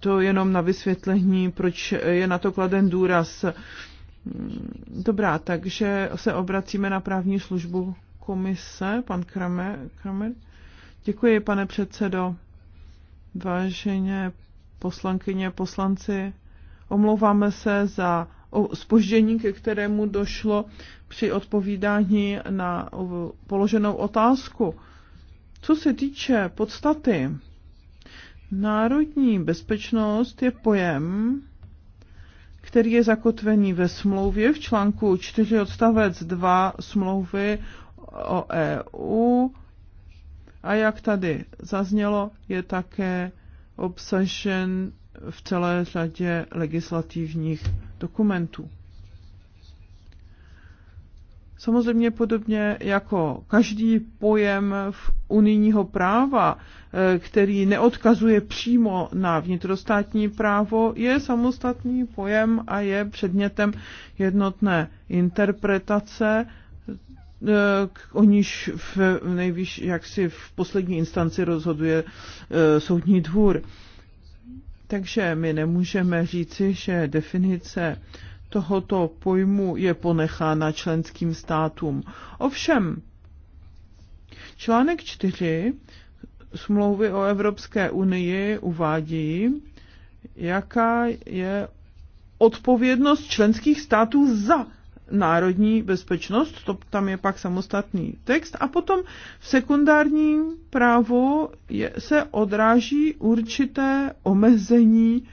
To jenom na vysvětlení, proč je na to kladen důraz. Mm, dobrá, takže se obracíme na právní službu komise, pan Kramer. Kramer. Děkuji, pane předsedo. Váženě poslankyně, poslanci, omlouváme se za spoždění, ke kterému došlo při odpovídání na položenou otázku. Co se týče podstaty, národní bezpečnost je pojem, který je zakotvený ve smlouvě v článku 4 odstavec 2 smlouvy o EU a jak tady zaznělo, je také obsažen v celé řadě legislativních dokumentů. Samozřejmě podobně jako každý pojem v unijního práva, eh, který neodkazuje přímo na vnitrostátní právo, je samostatný pojem a je předmětem jednotné interpretace, eh, o níž v jak jaksi v poslední instanci rozhoduje eh, soudní dvůr. Takže my nemůžeme říci, že definice tohoto pojmu je ponechána členským státům. Ovšem, článek 4 smlouvy o Evropské unii uvádí, jaká je odpovědnost členských států za národní bezpečnost, to tam je pak samostatný text, a potom v sekundárním právu je, se odráží určité omezení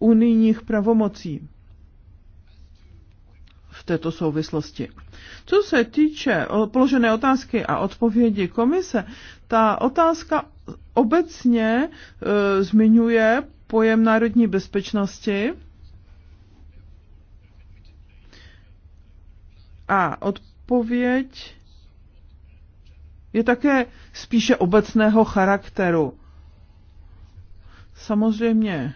unijních pravomocí v této souvislosti. Co se týče položené otázky a odpovědi komise, ta otázka obecně e, zmiňuje pojem národní bezpečnosti a odpověď je také spíše obecného charakteru. Samozřejmě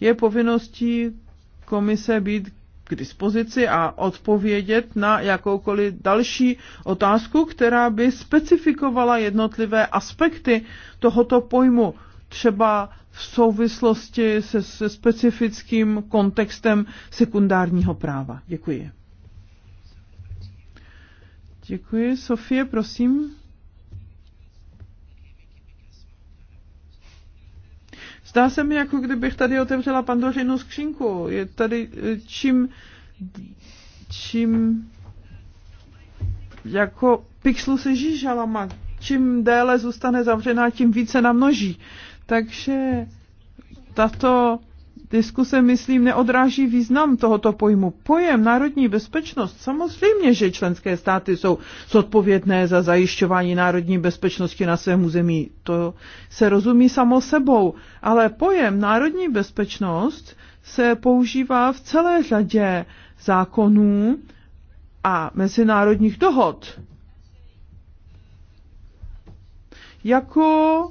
je povinností komise být k dispozici a odpovědět na jakoukoliv další otázku, která by specifikovala jednotlivé aspekty tohoto pojmu, třeba v souvislosti se, se specifickým kontextem sekundárního práva. Děkuji. Děkuji. Sofie, prosím. Zdá se mi, jako kdybych tady otevřela pandořinu skřínku. Je tady eh, čím, čím jako pixel se žížalama. Čím déle zůstane zavřená, tím více namnoží. Takže tato Diskuse, myslím, neodráží význam tohoto pojmu. Pojem národní bezpečnost, samozřejmě, že členské státy jsou zodpovědné za zajišťování národní bezpečnosti na svém území. To se rozumí samo sebou. Ale pojem národní bezpečnost se používá v celé řadě zákonů a mezinárodních dohod. Jako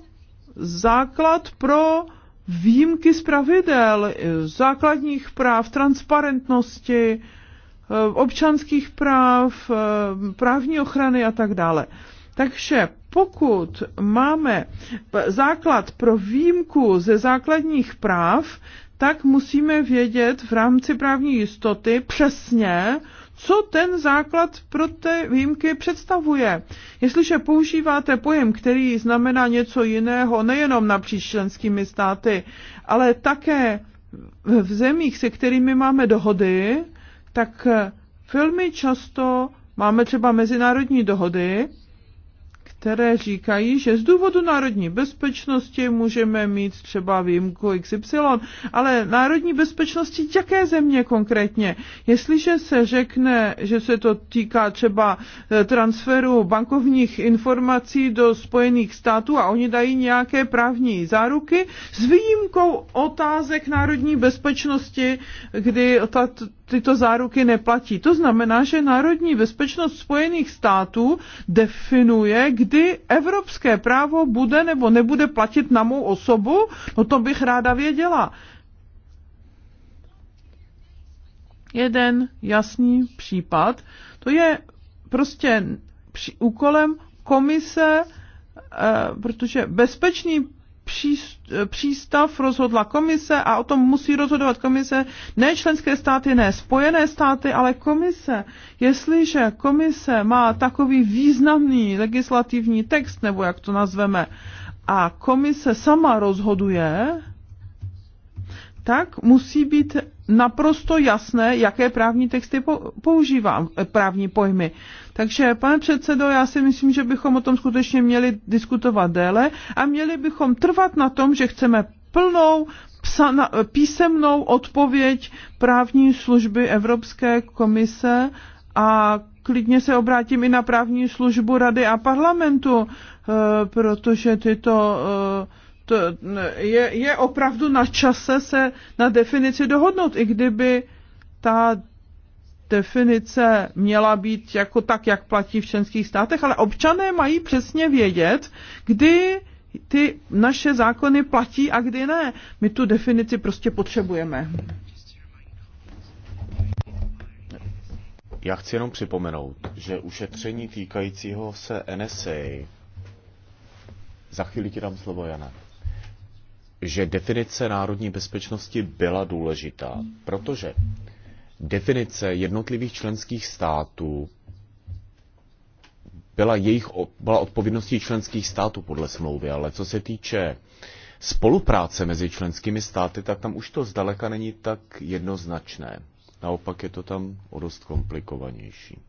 základ pro výjimky z pravidel, základních práv, transparentnosti, e, občanských práv, e, právní ochrany a tak dále. Takže pokud máme základ pro výjimku ze základních práv, tak musíme vědět v rámci právní jistoty přesně, co ten základ pro ty výjimky představuje. Jestliže používáte pojem, který znamená něco jiného nejenom napříč členskými státy, ale také v zemích, se kterými máme dohody, tak eh, velmi často máme třeba mezinárodní dohody, které říkají, že z důvodu národní bezpečnosti můžeme mít třeba výjimku XY, ale národní bezpečnosti jaké země konkrétně? Jestliže se řekne, že se to týká třeba eh, transferu bankovních informací do Spojených států a oni dají nějaké právní záruky, s výjimkou otázek národní bezpečnosti, kdy ta tyto záruky neplatí. To znamená, že národní bezpečnost Spojených států definuje, kdy evropské právo bude nebo nebude platit na mou osobu, no to bych ráda věděla. Jeden jasný případ, to je prostě úkolem komise eh, protože bezpečný přístav rozhodla komise a o tom musí rozhodovat komise, ne členské státy, ne spojené státy, ale komise. Jestliže komise má takový významný legislativní text, nebo jak to nazveme, a komise sama rozhoduje, tak musí být naprosto jasné, jaké právní texty používám, eh, právní pojmy. Takže, pane předsedo, já si myslím, že bychom o tom skutečně měli diskutovat déle a měli bychom trvat na tom, že chceme plnou psana, písemnou odpověď právní služby Evropské komise a klidně se obrátím i na právní službu Rady a parlamentu, eh, protože tyto eh, to je, je opravdu na čase se na definici dohodnout, i kdyby ta definice měla být jako tak, jak platí v členských státech, ale občané mají přesně vědět, kdy ty naše zákony platí a kdy ne. My tu definici prostě potřebujeme. Já chci jenom připomenout, že ušetření týkajícího se NSA, za chvíli ti dám slovo, Jana že definice národní bezpečnosti byla důležitá, protože definice jednotlivých členských států byla, jejich, byla odpovědností členských států podle smlouvy, ale co se týče spolupráce mezi členskými státy, tak tam už to zdaleka není tak jednoznačné. Naopak je to tam o dost komplikovanější.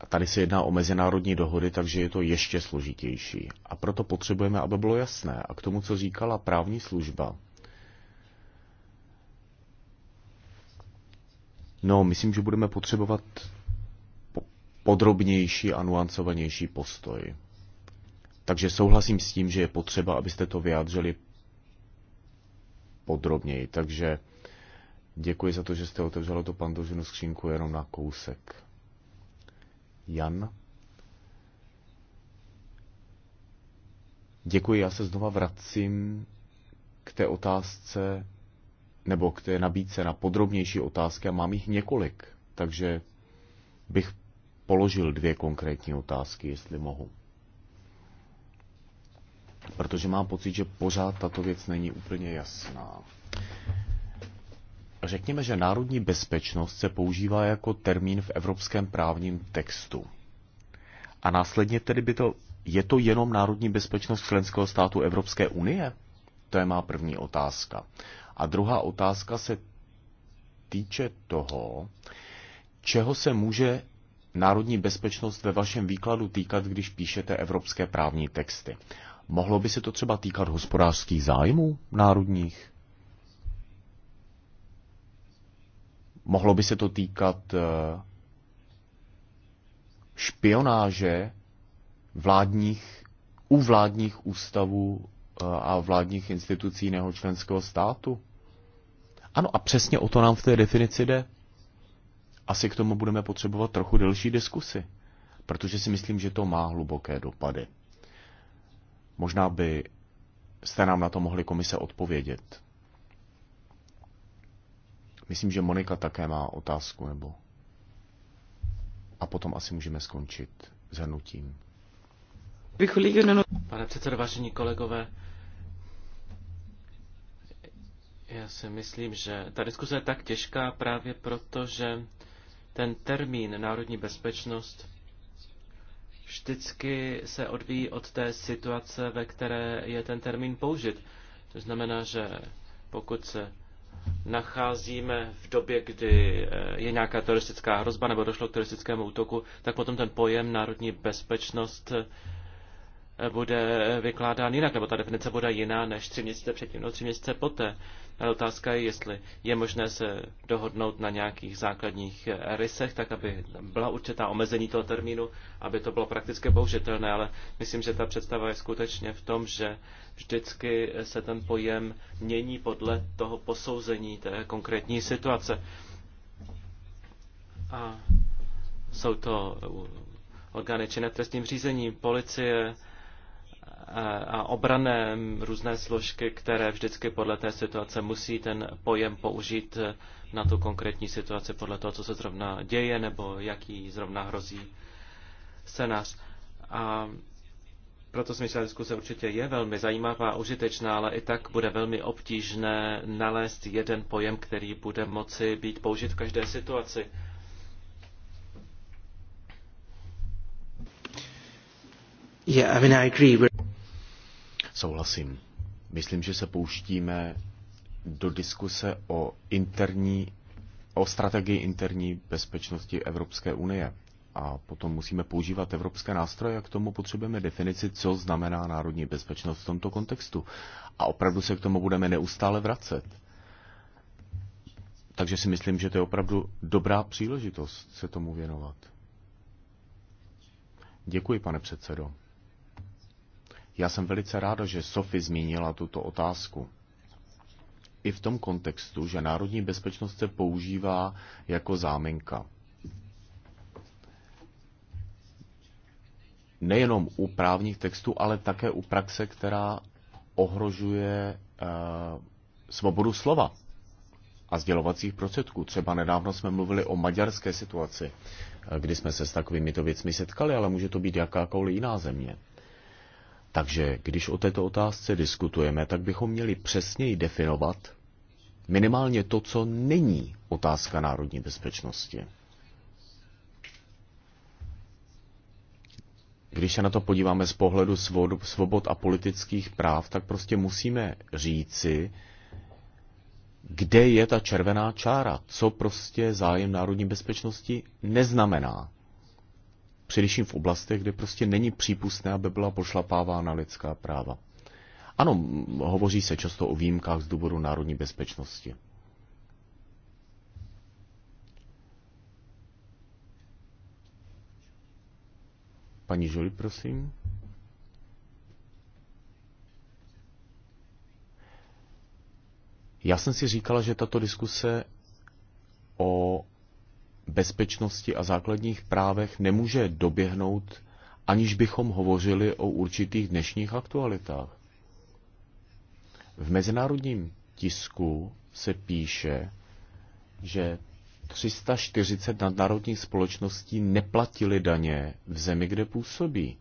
A tady se jedná o mezinárodní dohody, takže je to ještě složitější. A proto potřebujeme, aby bylo jasné. A k tomu, co říkala právní služba. No, myslím, že budeme potřebovat podrobnější a nuancovanější postoj. Takže souhlasím s tím, že je potřeba, abyste to vyjádřili podrobněji. Takže děkuji za to, že jste otevřela to pandořinu skřínku jenom na kousek. Jan. Děkuji, já se znova vracím k té otázce, nebo k té nabídce na podrobnější otázky a mám jich několik, takže bych položil dvě konkrétní otázky, jestli mohu. Protože mám pocit, že pořád tato věc není úplně jasná. Řekněme, že národní bezpečnost se používá jako termín v evropském právním textu. A následně tedy by to, je to jenom národní bezpečnost členského státu Evropské unie? To je má první otázka. A druhá otázka se týče toho, čeho se může národní bezpečnost ve vašem výkladu týkat, když píšete evropské právní texty. Mohlo by se to třeba týkat hospodářských zájmů národních? Mohlo by se to týkat eh, špionáže vládních, u vládních ústavů eh, a vládních institucí jiného členského státu? Ano, a přesně o to nám v té definici jde. Asi k tomu budeme potřebovat trochu delší diskusy, protože si myslím, že to má hluboké dopady. Možná by jste nám na to mohli komise odpovědět. Myslím, že Monika také má otázku, nebo... A potom asi můžeme skončit zhrnutím. Pane předsedo, vážení kolegové, já si myslím, že ta diskuse je tak těžká právě proto, že ten termín národní bezpečnost vždycky se odvíjí od té situace, ve které je ten termín použit. To znamená, že pokud se nacházíme v době, kdy eh, je nějaká teroristická hrozba nebo došlo k teroristickému útoku, tak potom ten pojem národní bezpečnost eh, bude vykládán jinak, nebo ta definice bude jiná než tři měsíce předtím, no tři měsíce poté. Ale otázka je, jestli je možné se dohodnout na nějakých základních rysech, tak aby byla určitá omezení toho termínu, aby to bylo prakticky použitelné, ale myslím, že ta představa je skutečně v tom, že vždycky se ten pojem mění podle toho posouzení té konkrétní situace. A jsou to orgány činné trestním řízení, policie, a obrané různé složky, které vždycky podle té situace musí ten pojem použít na tu konkrétní situaci podle toho, co se zrovna děje nebo jaký zrovna hrozí scénář. A proto si myslím, že diskuse určitě je velmi zajímavá, užitečná, ale i tak bude velmi obtížné nalézt jeden pojem, který bude moci být použit v každé situaci. Yeah, I mean, I agree. Souhlasím. Myslím, že se pouštíme do diskuse o interní, o strategii interní bezpečnosti Evropské unie. A potom musíme používat evropské nástroje a k tomu potřebujeme definici, co znamená národní bezpečnost v tomto kontextu. A opravdu se k tomu budeme neustále vracet. Takže si myslím, že to je opravdu dobrá příležitost se tomu věnovat. Děkuji, pane předsedo. Já jsem velice ráda, že Sophie zmínila tuto otázku. I v tom kontextu, že národní bezpečnost se používá jako záminka. Nejenom u právních textů, ale také u praxe, která ohrožuje uh, svobodu slova a sdělovacích prostředků. Třeba nedávno jsme mluvili o maďarské situaci, eh, kdy jsme se s takovými to věcmi setkali, ale může to být jakákoliv jiná země. Takže když o této otázce diskutujeme, tak bychom měli přesněji definovat minimálně to, co není otázka národní bezpečnosti. Když se na to podíváme z pohledu svobod a politických práv, tak prostě musíme říci, kde je ta červená čára, co prostě zájem národní bezpečnosti neznamená především v oblastech, kde prostě není přípustné, aby byla pošlapávána lidská práva. Ano, hovoří se často o výjimkách z důvodu národní bezpečnosti. Paní Žoli, prosím. Já jsem si říkala, že tato diskuse o bezpečnosti a základních právech nemůže doběhnout, aniž bychom hovořili o určitých dnešních aktualitách. V mezinárodním tisku se píše, že 340 nadnárodních společností neplatili daně v zemi, kde působí.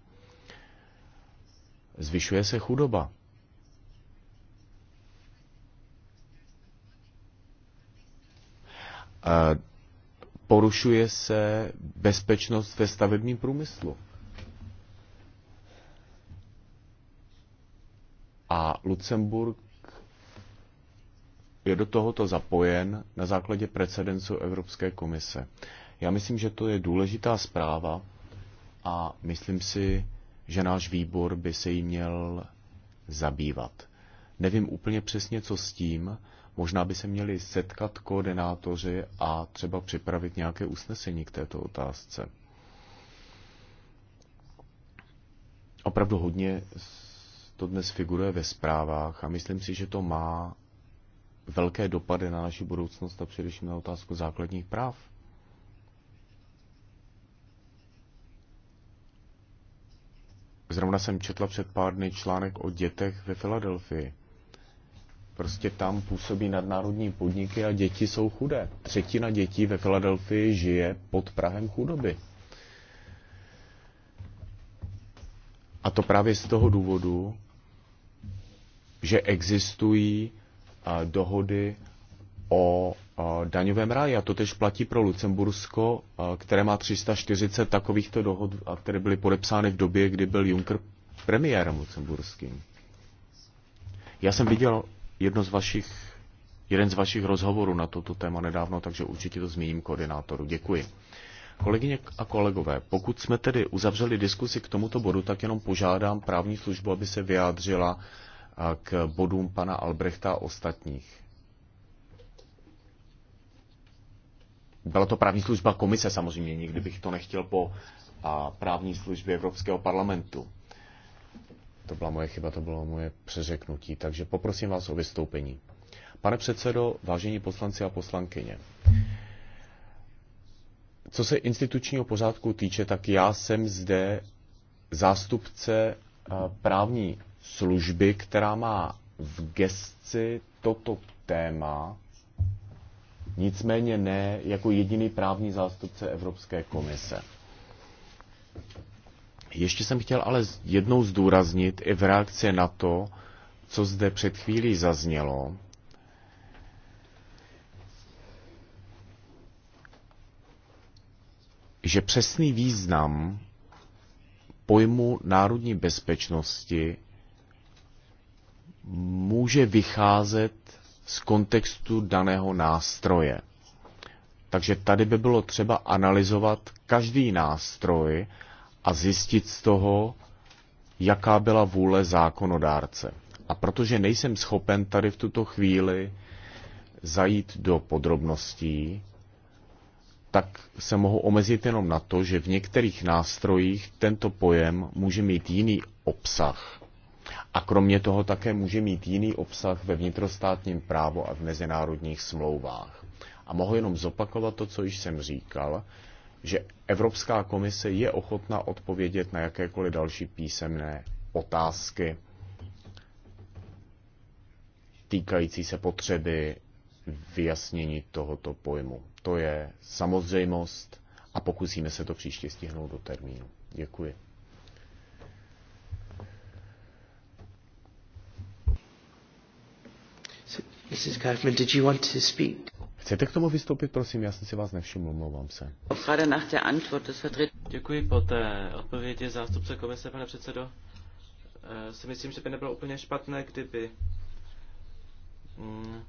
Zvyšuje se chudoba porušuje se bezpečnost ve stavebním průmyslu. A Lucemburg je do tohoto zapojen na základě precedencu Evropské komise. Já myslím, že to je důležitá zpráva a myslím si, že náš výbor by se jí měl zabývat. Nevím úplně přesně, co s tím, Možná by se měli setkat koordinátoři a třeba připravit nějaké usnesení k této otázce. Opravdu hodně to dnes figuruje ve zprávách a myslím si, že to má velké dopady na naši budoucnost a především na otázku základních práv. Zrovna jsem četla před pár dny článek o dětech ve Filadelfii. Prostě tam působí nadnárodní podniky a děti jsou chudé. Třetina dětí ve Filadelfii žije pod Prahem chudoby. A to právě z toho důvodu, že existují dohody o daňovém ráji. A to tež platí pro Lucembursko, které má 340 takovýchto dohod, které byly podepsány v době, kdy byl Juncker premiérem lucemburským. Já jsem viděl jedno z vašich, jeden z vašich rozhovorů na toto téma nedávno, takže určitě to zmíním koordinátoru. Děkuji. Kolegyně a kolegové, pokud jsme tedy uzavřeli diskusi k tomuto bodu, tak jenom požádám právní službu, aby se vyjádřila k bodům pana Albrechta a ostatních. Byla to právní služba komise samozřejmě, nikdy bych to nechtěl po právní službě Evropského parlamentu. To byla moje chyba, to bylo moje přeřeknutí. Takže poprosím vás o vystoupení. Pane předsedo, vážení poslanci a poslankyně, co se institučního pořádku týče, tak já jsem zde zástupce eh, právní služby, která má v gestci toto téma, nicméně ne jako jediný právní zástupce Evropské komise. Ještě jsem chtěl ale jednou zdůraznit i v reakci na to, co zde před chvílí zaznělo, že přesný význam pojmu národní bezpečnosti může vycházet z kontextu daného nástroje. Takže tady by bylo třeba analyzovat každý nástroj a zjistit z toho, jaká byla vůle zákonodárce. A protože nejsem schopen tady v tuto chvíli zajít do podrobností, tak se mohu omezit jenom na to, že v některých nástrojích tento pojem může mít jiný obsah. A kromě toho také může mít jiný obsah ve vnitrostátním právu a v mezinárodních smlouvách. A mohu jenom zopakovat to, co již jsem říkal, že Evropská komise je ochotna odpovědět na jakékoliv další písemné otázky týkající se potřeby vyjasnění tohoto pojmu. To je samozřejmost a pokusíme se to příště stihnout do termínu. Děkuji. Mrs. Kaufman, did you want to speak? Chcete k tomu vystoupit, prosím? Já jsem si vás nevšiml, omlouvám se. Děkuji po té odpovědi zástupce komise, pane předsedo. Eh, si myslím, že by nebylo úplně špatné, kdyby mm,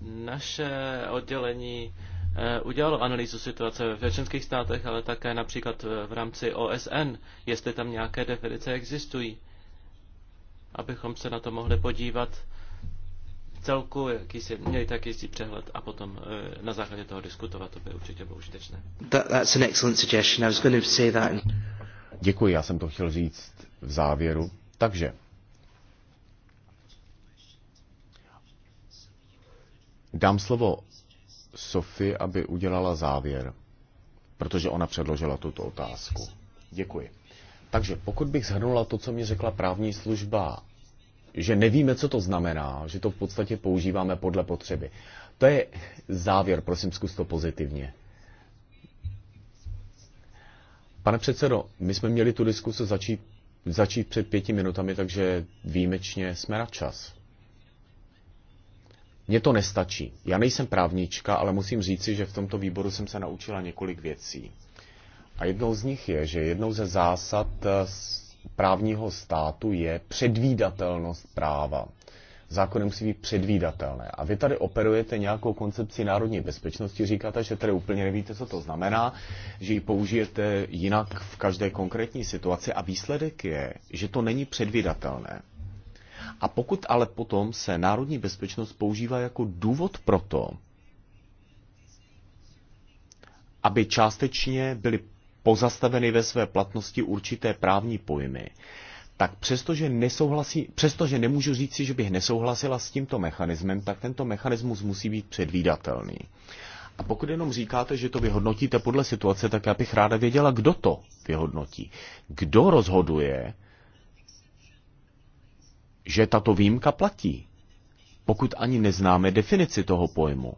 naše oddělení eh, udělalo analýzu situace ve členských státech, ale také například eh, v rámci OSN, jestli tam nějaké definice existují, abychom se na to mohli podívat celku, si měli tak jistý přehled a potom eh, na základě toho diskutovat, to by určitě bylo užitečné. That, that's an excellent suggestion. I was going to say that. Děkuji, já jsem to chtěl říct v závěru. Takže, dám slovo Sofii, aby udělala závěr, protože ona předložila tuto otázku. Děkuji. Takže pokud bych zhrnula to, co mi řekla právní služba že nevíme, co to znamená, že to v podstatě používáme podle potřeby. To je závěr, prosím, zkus to pozitivně. Pane předsedo, my jsme měli tu diskuse začít, začít před pěti minutami, takže výjimečně jsme na čas. Mně to nestačí. Já nejsem právnička, ale musím říci, že v tomto výboru jsem se naučila několik věcí. A jednou z nich je, že jednou ze zásad právního státu je předvídatelnost práva. Zákony musí být předvídatelné. A vy tady operujete nějakou koncepci národní bezpečnosti, říkáte, že tady úplně nevíte, co to znamená, že ji použijete jinak v každé konkrétní situaci a výsledek je, že to není předvídatelné. A pokud ale potom se národní bezpečnost používá jako důvod pro to, aby částečně byly pozastaveny ve své platnosti určité právní pojmy, tak přestože, nesouhlasí, přestože nemůžu říci, že bych nesouhlasila s tímto mechanismem, tak tento mechanismus musí být předvídatelný. A pokud jenom říkáte, že to vyhodnotíte podle situace, tak já bych ráda věděla, kdo to vyhodnotí. Kdo rozhoduje, že tato výjimka platí, pokud ani neznáme definici toho pojmu.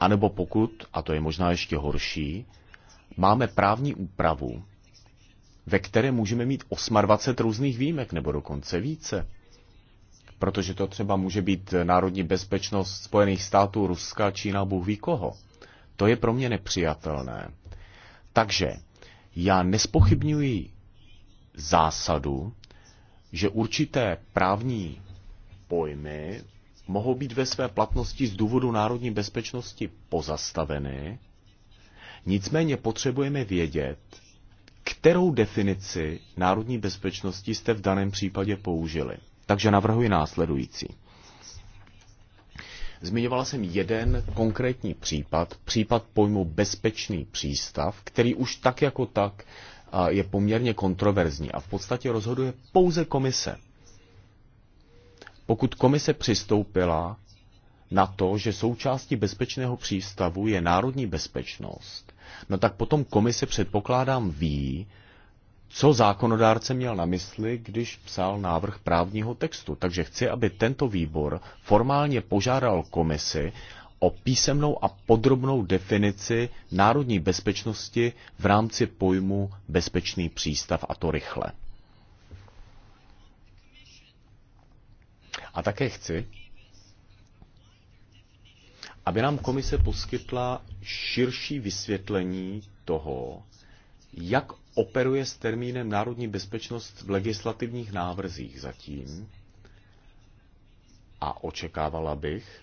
A nebo pokud, a to je možná ještě horší, máme právní úpravu, ve které můžeme mít 28 různých výjimek, nebo dokonce více. Protože to třeba může být národní bezpečnost Spojených států, Ruska, Čína, Bůh ví koho. To je pro mě nepřijatelné. Takže já nespochybňuji zásadu, že určité právní pojmy mohou být ve své platnosti z důvodu národní bezpečnosti pozastaveny, Nicméně potřebujeme vědět, kterou definici národní bezpečnosti jste v daném případě použili. Takže navrhuji následující. Zmiňovala jsem jeden konkrétní případ, případ pojmu bezpečný přístav, který už tak jako tak je poměrně kontroverzní a v podstatě rozhoduje pouze komise. Pokud komise přistoupila na to, že součástí bezpečného přístavu je národní bezpečnost, no tak potom komise předpokládám ví, co zákonodárce měl na mysli, když psal návrh právního textu. Takže chci, aby tento výbor formálně požádal komisi o písemnou a podrobnou definici národní bezpečnosti v rámci pojmu bezpečný přístav a to rychle. A také chci, aby nám komise poskytla širší vysvětlení toho, jak operuje s termínem národní bezpečnost v legislativních návrzích zatím. A očekávala bych,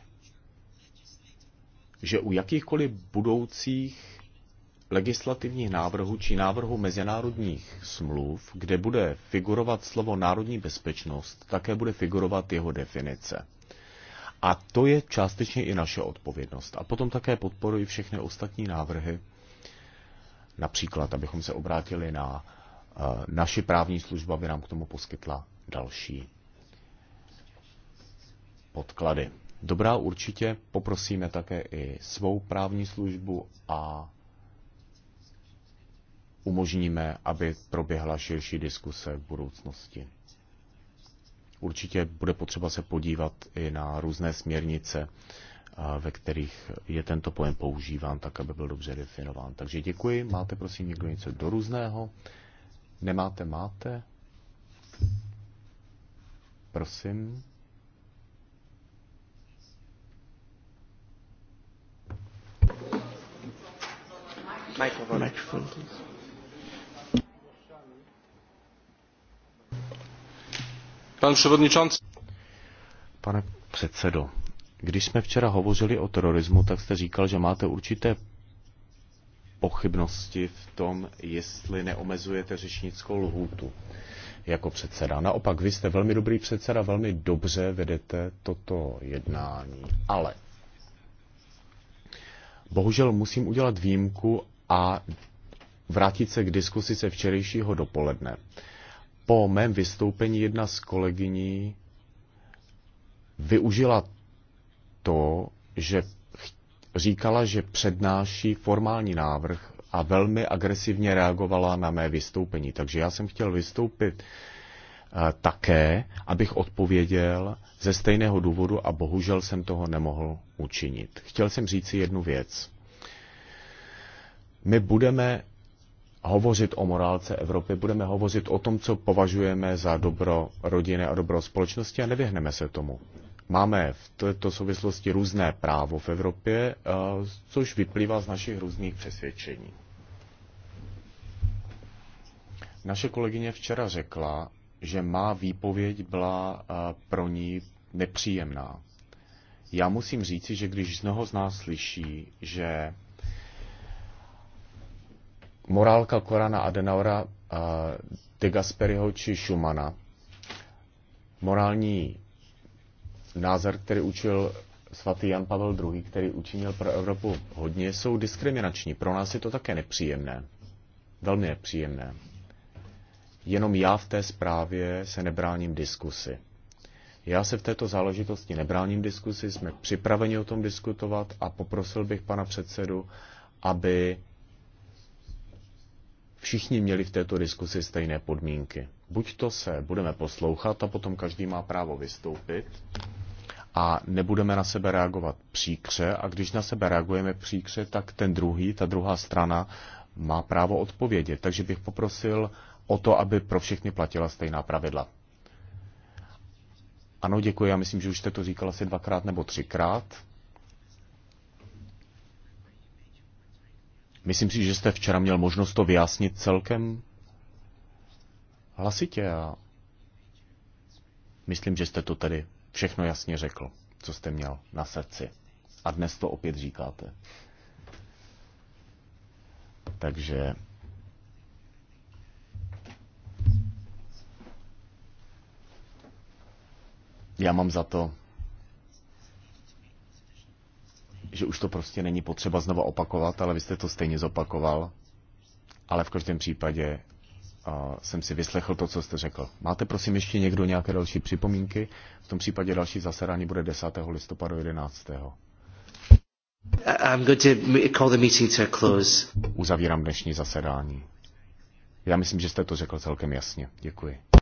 že u jakýchkoliv budoucích legislativních návrhů či návrhu mezinárodních smluv, kde bude figurovat slovo národní bezpečnost, také bude figurovat jeho definice. A to je částečně i naše odpovědnost. A potom také podporuji všechny ostatní návrhy, například, abychom se obrátili na eh, naši právní služba, aby nám k tomu poskytla další podklady. Dobrá, určitě poprosíme také i svou právní službu a umožníme, aby proběhla širší diskuse v budoucnosti. Určitě bude potřeba se podívat i na různé směrnice, ve kterých je tento pojem používán, tak aby byl dobře definován. Takže děkuji. Máte prosím někdo něco do různého? Nemáte, máte? Prosím. Microphone, microphone, please. Pan předsedající. Pane předsedo, když jsme včera hovořili o terorismu, tak jste říkal, že máte určité pochybnosti v tom, jestli neomezujete řečnickou lhůtu jako předseda. Naopak, vy jste velmi dobrý předseda, velmi dobře vedete toto jednání. Ale bohužel musím udělat výjimku a vrátit se k diskusi se včerejšího dopoledne po mém vystoupení jedna z kolegyní využila to, že říkala, že přednáší formální návrh a velmi agresivně reagovala na mé vystoupení. Takže já jsem chtěl vystoupit eh, také, abych odpověděl ze stejného důvodu a bohužel jsem toho nemohl učinit. Chtěl jsem říci jednu věc. My budeme hovořit o morálce Evropy, budeme hovořit o tom, co považujeme za dobro rodiny a dobro společnosti a nevyhneme se tomu. Máme v této souvislosti různé právo v Evropě, eh, což vyplývá z našich různých přesvědčení. Naše kolegyně včera řekla, že má výpověď byla eh, pro ní nepříjemná. Já musím říci, že když mnoho z nás slyší, že morálka Korana Adenaura, de Gasperiho či Schumana. Morální názor, který učil svatý Jan Pavel II., který učinil pro Evropu hodně, jsou diskriminační. Pro nás je to také nepříjemné. Velmi nepříjemné. Jenom já v té zprávě se nebráním diskusy. Já se v této záležitosti nebráním diskusy. jsme připraveni o tom diskutovat a poprosil bych pana předsedu, aby všichni měli v této diskusi stejné podmínky. Buď to se budeme poslouchat a potom každý má právo vystoupit a nebudeme na sebe reagovat příkře a když na sebe reagujeme příkře, tak ten druhý, ta druhá strana má právo odpovědět. Takže bych poprosil o to, aby pro všechny platila stejná pravidla. Ano, děkuji, já myslím, že už jste to říkal asi dvakrát nebo třikrát. Myslím si, že jste včera měl možnost to vyjasnit celkem hlasitě a myslím, že jste to tedy všechno jasně řekl, co jste měl na srdci. A dnes to opět říkáte. Takže já mám za to, že už to prostě není potřeba znova opakovat, ale vy jste to stejně zopakoval. Ale v každém případě a jsem si vyslechl to, co jste řekl. Máte prosím ještě někdo nějaké další připomínky? V tom případě další zasedání bude 10. listopadu 11. I'm going to call the meeting to a close. Uzavírám dnešní zasedání. Já myslím, že jste to řekl celkem jasně. Děkuji.